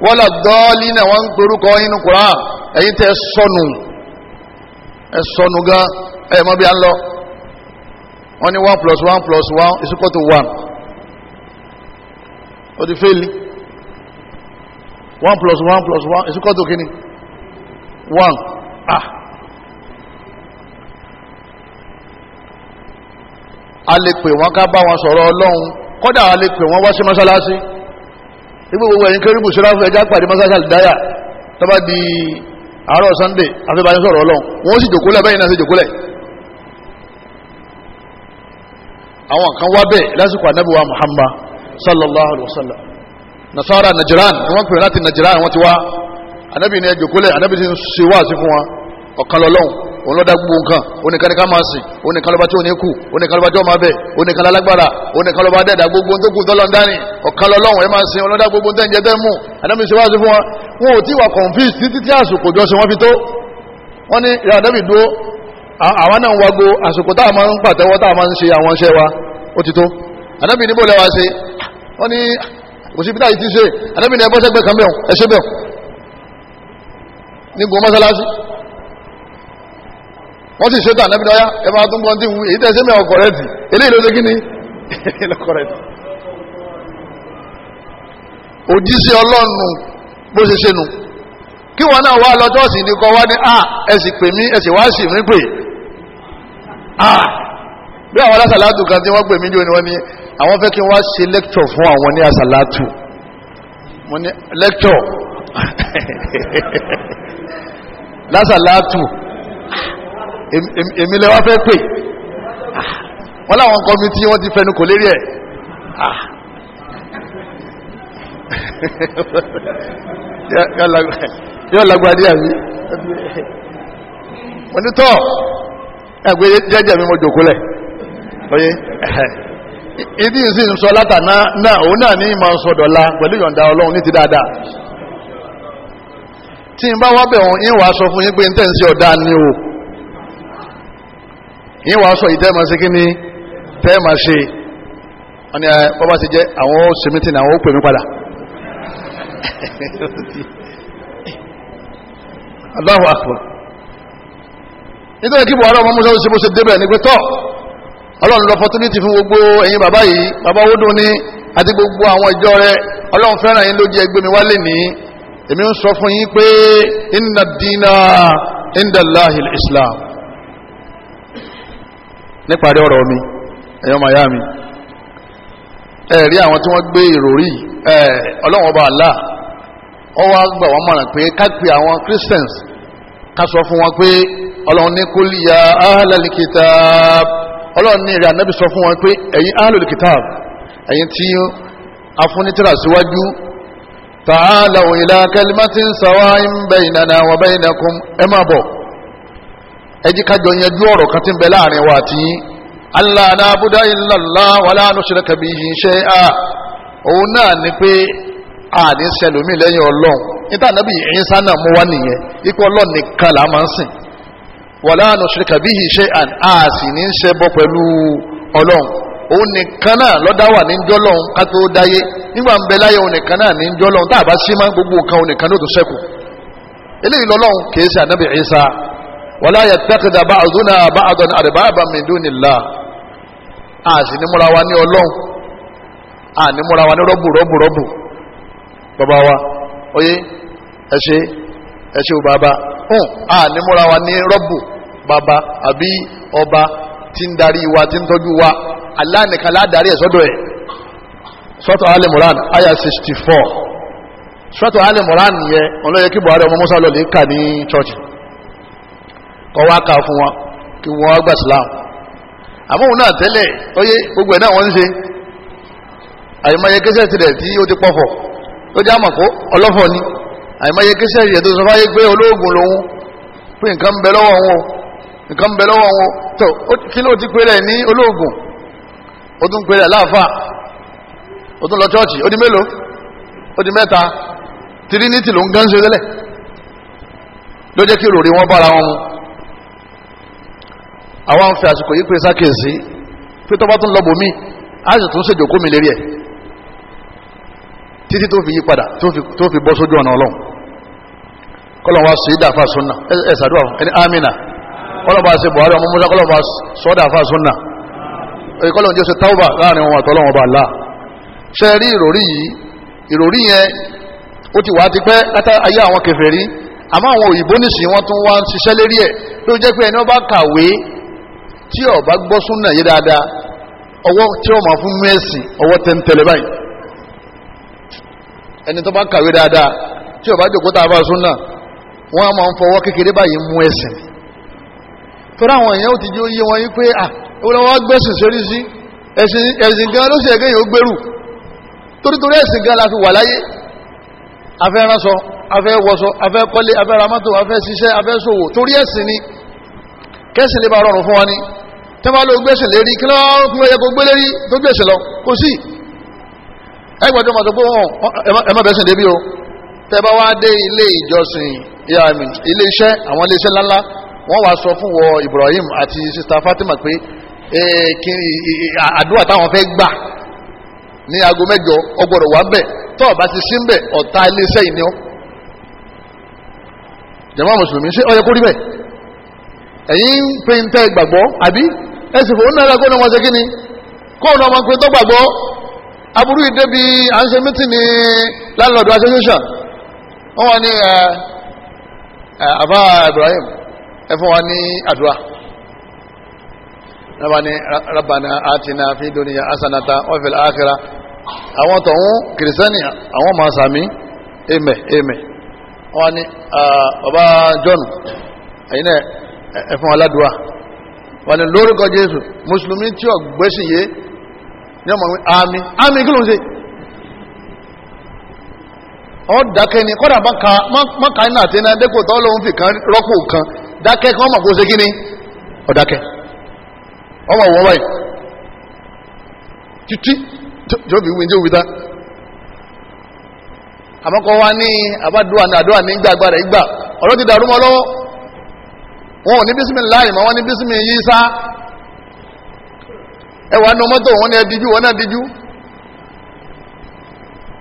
Speaker 1: wọ́n là dọ́ọ́lì náà wọ́n ń gborúkọ nínú Qur'an ẹ̀yin tẹ́ sọnù ẹ sọnù gan ẹ̀ mọ́ bí a ń lọ wọ́n ní one plus one plus one is equal to one ó ti fẹ́ẹ́lì one plus one plus one is equal to kí one ah a lè pè wọ́n ká bá wọn sọ̀rọ̀ ọlọ́run kódà a lè pè wọ́n wá sí mọ́sálásí igbó gbogbo ẹ̀yin kéré bùsùlá fún pàdé mọ́sálásí dáyà tó di àárọ̀ sunday afẹ́bàáyé sọ̀rọ̀ ọlọ́run wọ́n sì jòkólẹ̀ bẹ́yìn náà sì jòkólẹ̀ àwọn kan wá bẹ́ẹ̀ lásìkò ànábì Muhammad sallallahu alaihi wasallam nasara najiran ni wọ́n pèrè láti najiran wọ́n ti wá anabi ni ẹjọ kólẹ̀ anabi ti ń ṣe wáàsí fún wa ọ̀kan lọ́lọ́hún òun ló dá gbogbo nǹkan oníkan ní ká máa sìn oníkan lọ́ba tí ò ní kú oníkan lọ́ba tí ò máa bẹ̀ oníkan lálágbára oníkan lọ́ba dẹ́ẹ̀dá gbogbo tó kù tọ́lọ́ dání ọ̀kan lọ́lọ́hún ẹ máa sìn òun ló dá gbogbo tẹ́ǹjẹ́ tẹ́ anabi ṣe wáàsí fún wa wọn ò tí wà confuse títí tí àsìkò jọ ṣe wọ́n fi tó wọ́n ní ìyá anabi dúró àwọn náà ń wago àsìkò tá a máa ń pàtẹ́wọ́ tá a máa ń ṣe àwọn iṣẹ́ wa ó ti tó anabi níbo lẹ́wà ṣe wọ́n ní kò sí bídá yìí ti ṣe àdébìnrin ẹ bọ́sẹ̀gbẹ̀ kan bẹ̀rù ẹ ṣe bẹ̀rù ní gbọ́ mọ́sálásí wọ́n sì ṣètò àdébìnrin ọyá ẹ bá tún bọ́ tí wù èyí tẹ́ ṣe mẹ́ ọkọ̀ rẹ̀ tì ni lọ́kọ̀ rẹ̀ tì òjíṣẹ́ ọlọ́run bó ṣe ṣe nu kí wọn náà wá lọ tọ́sí ní ah, ah. kọ àwọn fẹ́ kí wọ́n ṣe lecture fún àwọn ní àsàlátù mo ní lecture lásàlátù èmi lẹ́wọ́ fẹ́ pè wọ́n láwọn kọ́mítì wọ́n ti fẹnu kò lérí ẹ̀ yóò lágbàdí àbí mo ní tọ́ ẹgbẹ́ jẹ́jẹ́ mi mo jòkó lẹ̀ lóye ìdí ìsì ń sọ látàná náà òun náà ní ìmọ̀ sọ̀dọ̀la pẹ̀lú ìyọ̀ǹda ọlọ́run ní ti dáadáa tí n bá wọ́n yín wàá sọ fún yín pé n tẹ̀ ń sí ọ̀dà ni o yín wàá sọ ìtẹ́ẹ̀mọ̀ sí kí ni tẹ́ẹ̀mọ̀ ṣe wọ́n ní bọ́bá ti jẹ́ àwọn sèmítì ní àwọn ó pè mí padà Allahu akbar nítorí kí buhari ọmọ musa ó ṣe bó ọlọ́run lọ fọtúnítì fún gbogbo ẹ̀yin bàbá yìí bàbá wódùn ní àti gbogbo àwọn ìjọ rẹ ọlọ́run fẹ́ràn yín ló jẹ́ ẹgbẹ́ mi wálé ní èmi ń sọ fún yín pé inna dina indallahi islam níparí ọ̀rọ̀ mi ẹ̀yọ́ màyá ẹ̀rí àwọn tí wọ́n gbé ìròrí ọlọ́run ọba Allah ó wá gbà wọ́n mọ̀ràn pé ká àwọn christians ká sọ fún wọn pé ọlọ́run ní kúlíyà ahlal kitab ọlọ́run ní ìrìn sọ fún wọn pé ẹ̀yin ahlul kitab ẹ̀yin tí afúnitìrà síwájú ta'alaw ila kalimatin sawa'in baynana wa baynakum ẹ ń bẹ láàrin wa àti yín allah na'buda illallah wala nushrika bihi shay'a ni pé àní sẹlómi wala nushrika bihi shay'an a sì ní ṣẹbọ pẹ̀lú ọlọ́run òun nìkan náà lọ́dá wà ní jọ́lọ́run ká tó dáyé nígbà ń bẹ láyé òun nìkan náà ní jọ́lọ́run tá a bá sí máa ń gbogbo nǹkan òun nìkan ló tún ṣẹ́kù eléyìí lọ́lọ́run kìí ṣe ànábì Ìsá wala yattakhidha ba'duna ba'dan arbaban min dunillah a sì ní múra wa ní ọlọ́run a ní múra wa ní rọ́bù rọ́bù rọ́bù bàbá wa oyé ẹ ṣe ẹ ṣe ò bàbá a ní múra wa ní rọ́bù Baba, àbí ọba tí ń darí wa tí ń tọ́jú wa Allah nìkan ládàrí ẹ̀ sọ́dọ̀ ẹ̀ sọ́tọ̀ alẹ́ moran aya 64 sọ́tọ̀ alẹ́ moran yẹ ọlọ́yẹ kí buhari ọmọ musa lọ́lẹ̀ kà ní church kọ́ wá ká fún wọn kí wọ́n gbà sílámù àmọ́ òun náà tẹ́lẹ̀ oyé gbogbo ẹ̀ náà wọ́n ń ṣe àyèmáyé kẹsẹ̀ tirẹ̀ tí ó ti nǹkan bẹ lọ́wọ́ wọn tó kí ló ti pèrè ní olóògùn ó tún pèrè láàfà ó tún lọ chọ́ọ̀chì ó di mélòó ó di mẹ́ta tìrínítì ló ń gán ṣe tẹ́lẹ̀ ló jẹ́ kí ròrí wọn bára wọn mu àwọn fi àsìkò yìí pé sákèsí pé tọ́ba tún lọ bò mí á sì tún ṣèjòkó mi lérí ẹ̀ títí tó fi yí padà tó fi bọ́ sójú ọ̀nà ọlọ́run kọ́lọ́n wa sí ìdáfà sunna ẹ̀ ẹni amina kọ́lọ̀bà sí buhari ọmọ musa kọ́lọ̀bà sọ́dà fà súnà èyí kọ́lọ̀ jẹ́ sí tauba láàrin wọn àtọ́lọ́wọ́n bá là ṣe rí ìròrí yìí ìròrí yẹn ó ti wà á ti pẹ́ látà ayé àwọn kèfèrí àmọ́ àwọn òyìnbó nìsí wọn tún wá ń ṣiṣẹ́ lérí ẹ̀ ló jẹ́ pé ẹni ó bá kàwé tí ó gbọ́ súnà yé dáadáa ọwọ́ tí ó fún mẹ́sì ọwọ́ tẹ́ntẹ́lẹ̀ báyìí ẹni tó bá kàwé dáadáa tí ó torí àwọn èèyàn ò ti jí ó yé wọn yí pé à ah, olówó gbẹ̀sìn sórí sí ẹ̀sìn gan ló sì ẹ̀gẹ́ yìí ó gbèrú torí torí ẹ̀sìn gan la fi wà láyé afẹ́ ránṣọ afẹ́ wọṣọ afẹ́ kọ́lé afẹ́ ramátò afẹ́ ṣiṣẹ́ afẹ́ ṣòwò torí ẹ̀sìn ni kẹ́sìn lè bá rọrùn fún wọn ni tẹ́wọ́n ló gbẹ̀sìn lérí wọ́n wá sọ fún wọ Ibrahim àti sista Fatima pé àdúrà táwọn fẹ́ gbà ní aago mẹ́jọ ọgbọ́dọ̀ wà bẹ̀ tọ́ ọba ti sí bẹ̀ ọ̀tá iléeṣẹ́ ìní ọ́ jàmá mùsùlùmí ṣé ó yẹ kó rí bẹ́ẹ̀ ẹ̀yin ń pe ń tẹ́ gbàgbọ́ àbí ẹ̀sìn fún náírà kó náà wọ́n ṣe kí ni kó náà wọ́n pe tó gbàgbọ́ aburú yìí débi à ń ṣe mítìn ní landlord association wọ́n wà ní àbá Ibrahim ẹ fún wa ní àdúrà rabana atina fi duniya asanata wa fil akhira àwọn tọ̀hún kìrìsẹ́nì àwọn máa sàmí èmẹ̀ èmẹ̀ wọ́n ni bàbá John ẹ̀yìn ẹ̀fún aládùá wọ́n ni lórúkọ Jésù mùsùlùmí tí ó gbẹ́sì yé ní ọmọ wí àmì àmì kí ló ń ṣe ọ dákẹ́ ni kọ́dà mọ́ka iná àti iná dépò tọ́lọ́hún dákẹ́ kí wọ́n mọ̀ kó ṣe kíni ọ̀dákẹ́ wọ́n mọ̀ wọ́n wáyé títí tó fi wíńdí òwúta àmọ́kọ́ wa ní àbádùá ní àdúrà ní gbà agbára ìgbà ọ̀rọ̀ ti dàrú mọ́ lọ́wọ́ wọn ò ní bísímì láì mọ́ wọn ní bísímì ẹwà ní wọn ní ẹdíjú wọn náà díjú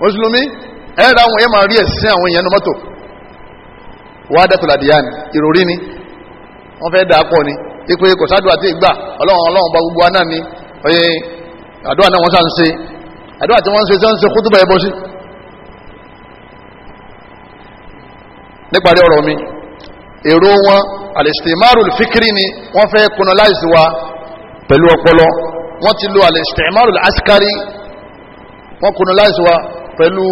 Speaker 1: mùsùlùmí ẹ̀rọ àwọn èèyàn máa rí ẹ̀sìn àwọn wọ́n fẹ́ dà pọ̀ ni ipe kò sádùá tí ì gbà ọlọ́run ọlọ́run bá gbogbo aná ni oye àdúrà náà wọ́n sá ń ṣe àdúrà tí wọ́n ń ṣe sá ń ṣe kútùbà ẹbọ sí. níparí ọ̀rọ̀ mi èrò wọn alistimaru fikiri ni wọ́n fẹ́ colonize wa pẹ̀lú ọpọlọ wọ́n ti lo alistimaru askari wọ́n colonize wa pẹ̀lú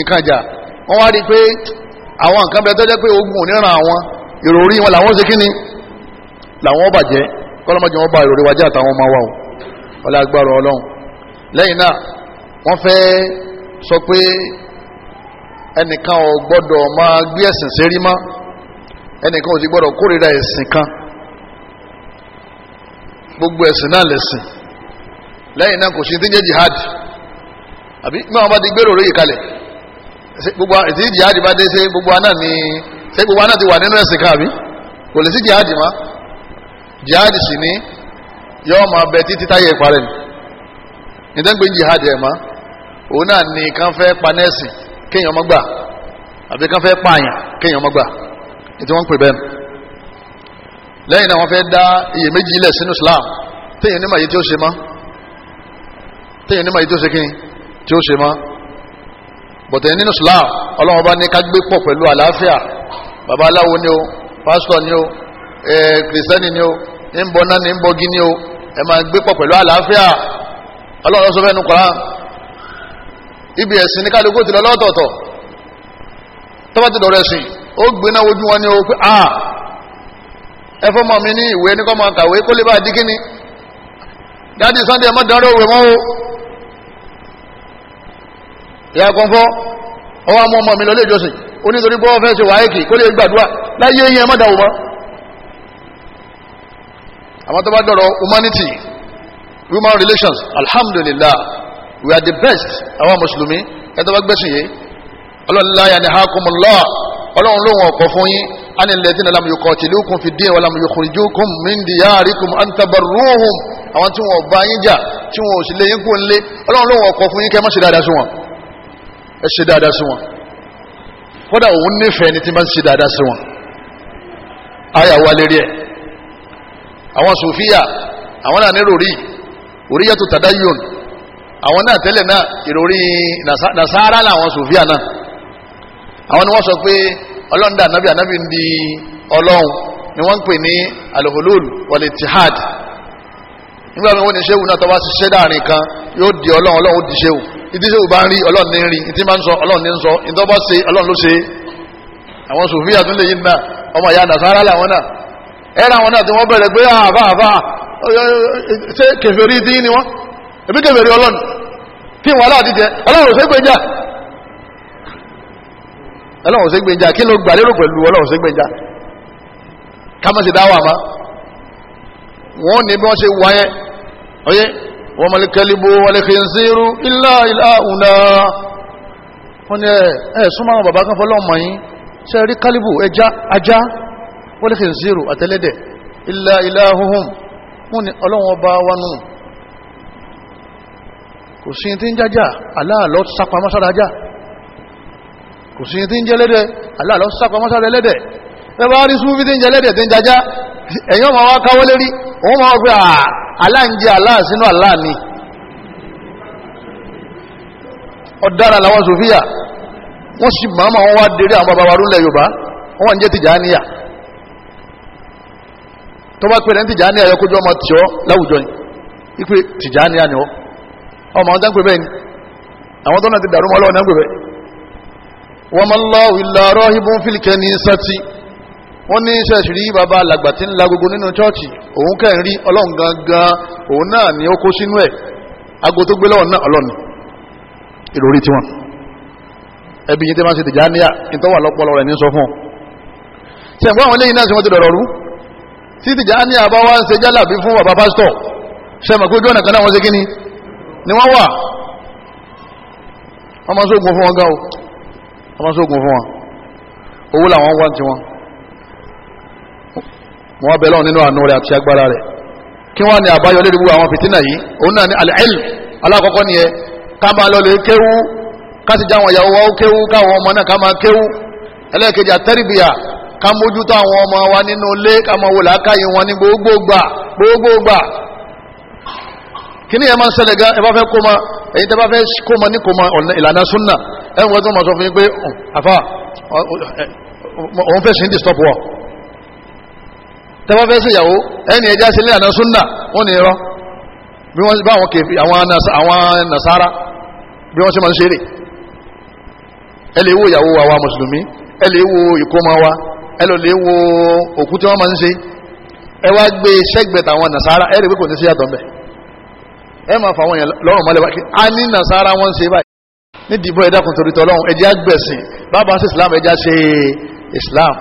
Speaker 1: ìkànjà wọ́n wá rí i pé àwọn nǹkan bẹ̀rẹ̀ tẹ́lẹ̀ pé ogun ò ní ràn àwọn ìròrí wọn làwọn ṣe kí ni làwọn bàjẹ́ kọ́lọ́mọ́jẹ́ wọn bá ìròrí wájà àtàwọn ọmọ wa o ọlá agbára ọlọ́run lẹ́yìn náà wọ́n fẹ́ sọ pé ẹnìkan ò gbọ́dọ̀ máa gbé ẹ̀sìn sérí mọ́ ẹnìkan ò sì gbọ́dọ̀ kórìíra ẹ̀sìn kan gbogbo ẹ̀sìn náà lẹ̀sìn lẹ́yìn náà kò sí ti ń jẹ́ jihad àbí máa bá ti gbèrò lóye kalẹ̀ gbogbo àti jihad bá dé ṣe gbogbo aná ni ṣé gbogbo aná ti wà nínú ẹ̀sìn kan àbí kò lè sí jihad mọ́ jihad sì ni yọọ máa bẹ títí táyé ìparẹ́ ni nítorí jihad ẹ̀ mọ́ òun náà ní kàn fẹ́ pa nẹ́ẹ̀sì kéèyàn ọmọ gbà àbí kàn fẹ́ pààyàn kéèyàn ọmọ gbà ètò wọn pè bẹ́ẹ̀ lẹ́yìn náà wọ́n fẹ́ dá iyèméjì ilẹ̀ sínú Islam téèyàn ní màyí tí ó ṣe mọ́ téèyàn ní màyí tí ó ṣe kíni tí ó ṣe mọ́ bọ̀tẹ̀ nínú Islam ọlọ́wọ́n ní ká gbé pọ̀ pẹ̀lú àlàáfíà babaláwo ni o pásítọ̀ ni o eh, kìrìsẹ́nì ni o ní ń bọ náà ní ń bọ gíní o ẹ máa gbé pọ̀ pẹ̀lú àlàáfíà ọlọ́run sọ fẹ́ẹ́ ibi ẹ̀sìn ní kálukú ti lọ lọ́tọ̀ọ̀tọ̀ tọ́ba ti dọ̀rọ̀ ẹ̀sìn ó gbéná ojú wọn ni o pé ah ẹ fọ́ mọ́ mi ní ìwé kọ́ máa kàwé kó lè bá di kíni dáàdi sunday ẹ má òwe mọ́ o ìyá kan fọ́ ọwọ́ mi lọ lé ìjọsìn fẹ́ ṣe wáyé kì àwọn tó bá dọ̀rọ̀ humanity human relations alhamdulillah we are the best àwọn mùsùlùmí ẹ̀tọ́ bá gbẹ́sùn yìí ọlọ́run láyà ní hakumullah ọlọ́run lóhun ọ̀pọ̀ fún yín anilẹ́dínà lam yuqatilukum fi din wa lam yukhrijukum min diyarikum an tabarruhum àwọn tí wọn bá yín jà tí wọn ò sì lé yín kú ńlé ọlọ́run lóhun ọ̀pọ̀ fún yín kẹ́ ẹ dáadáa sí wọn ẹ ṣe dáadáa sí wọn kódà òun nífẹ̀ẹ́ ni tí bá ṣe dáadáa sí wọn. àyà wa ẹ̀ àwọn sofiya àwọn náà nírò rí oríyàtò tadayon àwọn náà tẹ́lẹ̀ náà ìròrí nasara làwọn sofiya náà àwọn ni wọ́n sọ pé ọlọ́run dà nábì ànábì ń di ọlọ́run ni wọ́n ń pè ní alhulul walitihad nígbà mi wọ́n ní sẹ́wù náà tó bá ṣiṣẹ́ dáàrin kan yóò di ọlọ́run ọlọ́run ó di sẹ́wù ìdí sẹ́wù bá ń rí ọlọ́run ní rí ìdí máa ń sọ ọlọ́run ní sọ ìdí tó ọlọ́run ló ṣe àwọn sofiya tún lè yí náà ọmọ ìyá nasara làwọn náà ẹ̀rọ àwọn náà tí wọ́n bẹ̀rẹ̀ pé àbá àbá ṣe kèfèrí dín ní wọ́n ẹ̀bí kèfèrí ọlọ́run kí wọ́n aláàdí jẹ ọlọ́run ò ṣe gbèjà ọlọ́run ò ṣe gbèjà kí ló gbà lérò pẹ̀lú ọlọ́run ò ṣe gbèjà wọ́n ní bí wọ́n ṣe bàbá kan fọlọ́mọ yín ṣe rí kálíbù ẹja ajá wal khinziru àtẹ́lẹ́dẹ̀ illa ilahuhum mú ni ọlọ́wọ́n bá wánú kò sí tí ń jájá aláàlọ́ sápamọ́ sára já kò sí tí ń jẹ́lẹ́dẹ̀ aláàlọ́ sápamọ́ sára ẹlẹ́dẹ̀ ẹ bá rí súnfí tí ń jẹ́lẹ́dẹ̀ tí ń jájá ẹ̀yọ́ ma wá káwọ́ lérí òun ma ah, wọ́n pé wá dérí àwọn tọ́ba pẹ̀lẹ́ ní tìjà ní ayọ́kójú ọmọ tìọ́ láwùjọ yìí ipe tìjà ní àná ọmọ ọ̀dá ń pè bẹ́ẹ̀ ni àwọn tó náà ti dàrú mọ́ ọlọ́ọ̀dá ń pè bẹ́ẹ̀. wọ́n máa ń lọ ìlà ọ̀rọ̀ ibùn fílìkẹ́ ní sátì wọ́n ní sẹ́ẹ̀sì rí bàbá alàgbà tí ń la gbogbo nínú chọ́ọ̀chì òun kẹ́ rí ọlọ́run gangan òun náà ni ó kó sínú ẹ̀ ago tó gbé lọ́wọ́ náà ọlọ́run ìròrí tiwọn ẹbí yìí tẹ́ máa ń tìjà níyà ìtọ́wà lọ́pọ̀lọpọ̀ ní sọ fún ọ. sẹ́yìn àwọn eléyìí náà tí wọ́n ti dọ̀rọ̀ títí jà ní àbá wa ń ṣe jálàbí fún bàbá pásítọ̀ ṣe mọ̀ ọ̀nà kan náà wọ́n ni ni wọ́n wà wọ́n máa sóògùn fún wọn gan o wọ́n máa sóògùn fún wọn owó làwọn wá ti wọn wọ́n bẹ̀rẹ̀ nínú àánú rẹ̀ àti agbára rẹ̀ kí wọ́n ní àbáyọ lórí gbogbo àwọn fìtínà yìí òun náà ní al alákọ̀ọ́kọ́ ni ẹ ká máa lọ lè kéwú ká sì já àwọn ìyàwó wa ó kéwú káwọn ọmọ náà ká máa kéwú ẹlẹ́ẹ̀kejì àtẹ́rìbìyà ká mójútó àwọn ọmọ wa nínú ilé ká máa wò làákàyè wọn ní gbogbo gbà gbogbo gbà kíní ẹ máa ń ṣẹlẹ̀ gan ẹ bá fẹ́ kó ma èyí tẹ́ bá fẹ́ kó ma ní kó ma ìlànà súnà ẹ ń wọ́n tó máa sọ fún yín pé àfa òun fẹ́ sìn distop ìyàwó wa wa mùsùlùmí ẹ ìkómọ wa ẹ lọ lè wo òkú tí wọ́n máa ń ṣe ẹ wá gbé sẹ́gbẹ̀ẹ́ tàwọn nàṣàrà ẹ rí pé kò ní sí yàtọ̀ mbẹ̀ ẹ máa fàwọn yẹn lọ́rùn mọ́lẹ̀ wákì á ní nàṣàrà wọ́n ń ṣe báyìí ní dìbò ẹ̀dá torí tọ́lọ́run ẹ̀jẹ̀ àgbẹ̀sìn bàbá ṣe islam ẹ̀jẹ̀ ṣe islam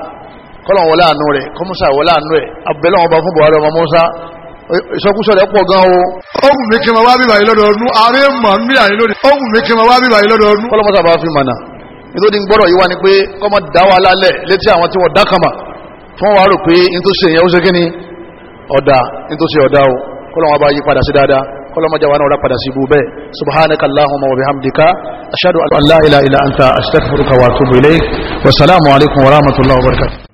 Speaker 1: kọ́lọ̀n wọlé àánú rẹ̀ kọ́músà wọlé àánú rẹ̀ abẹ́lọ́wọ́n bá fún buhari ọmọ mọ́sá ìṣọ́kúsọ̀ rẹ̀ pọ̀ gan o. ọkùnrin kí n máa wá bíbáyìí lọ́dọọdún ààrẹ mọ̀ ní àyè lónìí ọkùnrin kí n máa wá bíbáyìí lọ́dọọdún. kọ́lọ́mọ́sà bá fi mọ̀nà nítorí gbọ́dọ̀ yìí wá ni pé kọ́mọ dá wa lálẹ̀ létí àwọn tí wọ́n dá kàmà fún wa rò pé n tó ṣe yẹn ó ṣe kí ni ọ̀dà n tó ṣe ọ̀dà o kọ́lọ́ bá yí padà sí dáadáa kọ́lọ́ mọ́jà wa náà padà sí ibú bẹ́ẹ̀ allahumma wa bihamdika ashhadu an la illa anta astaghfiruka wa atubu ilayk wa salaamu alaykum wa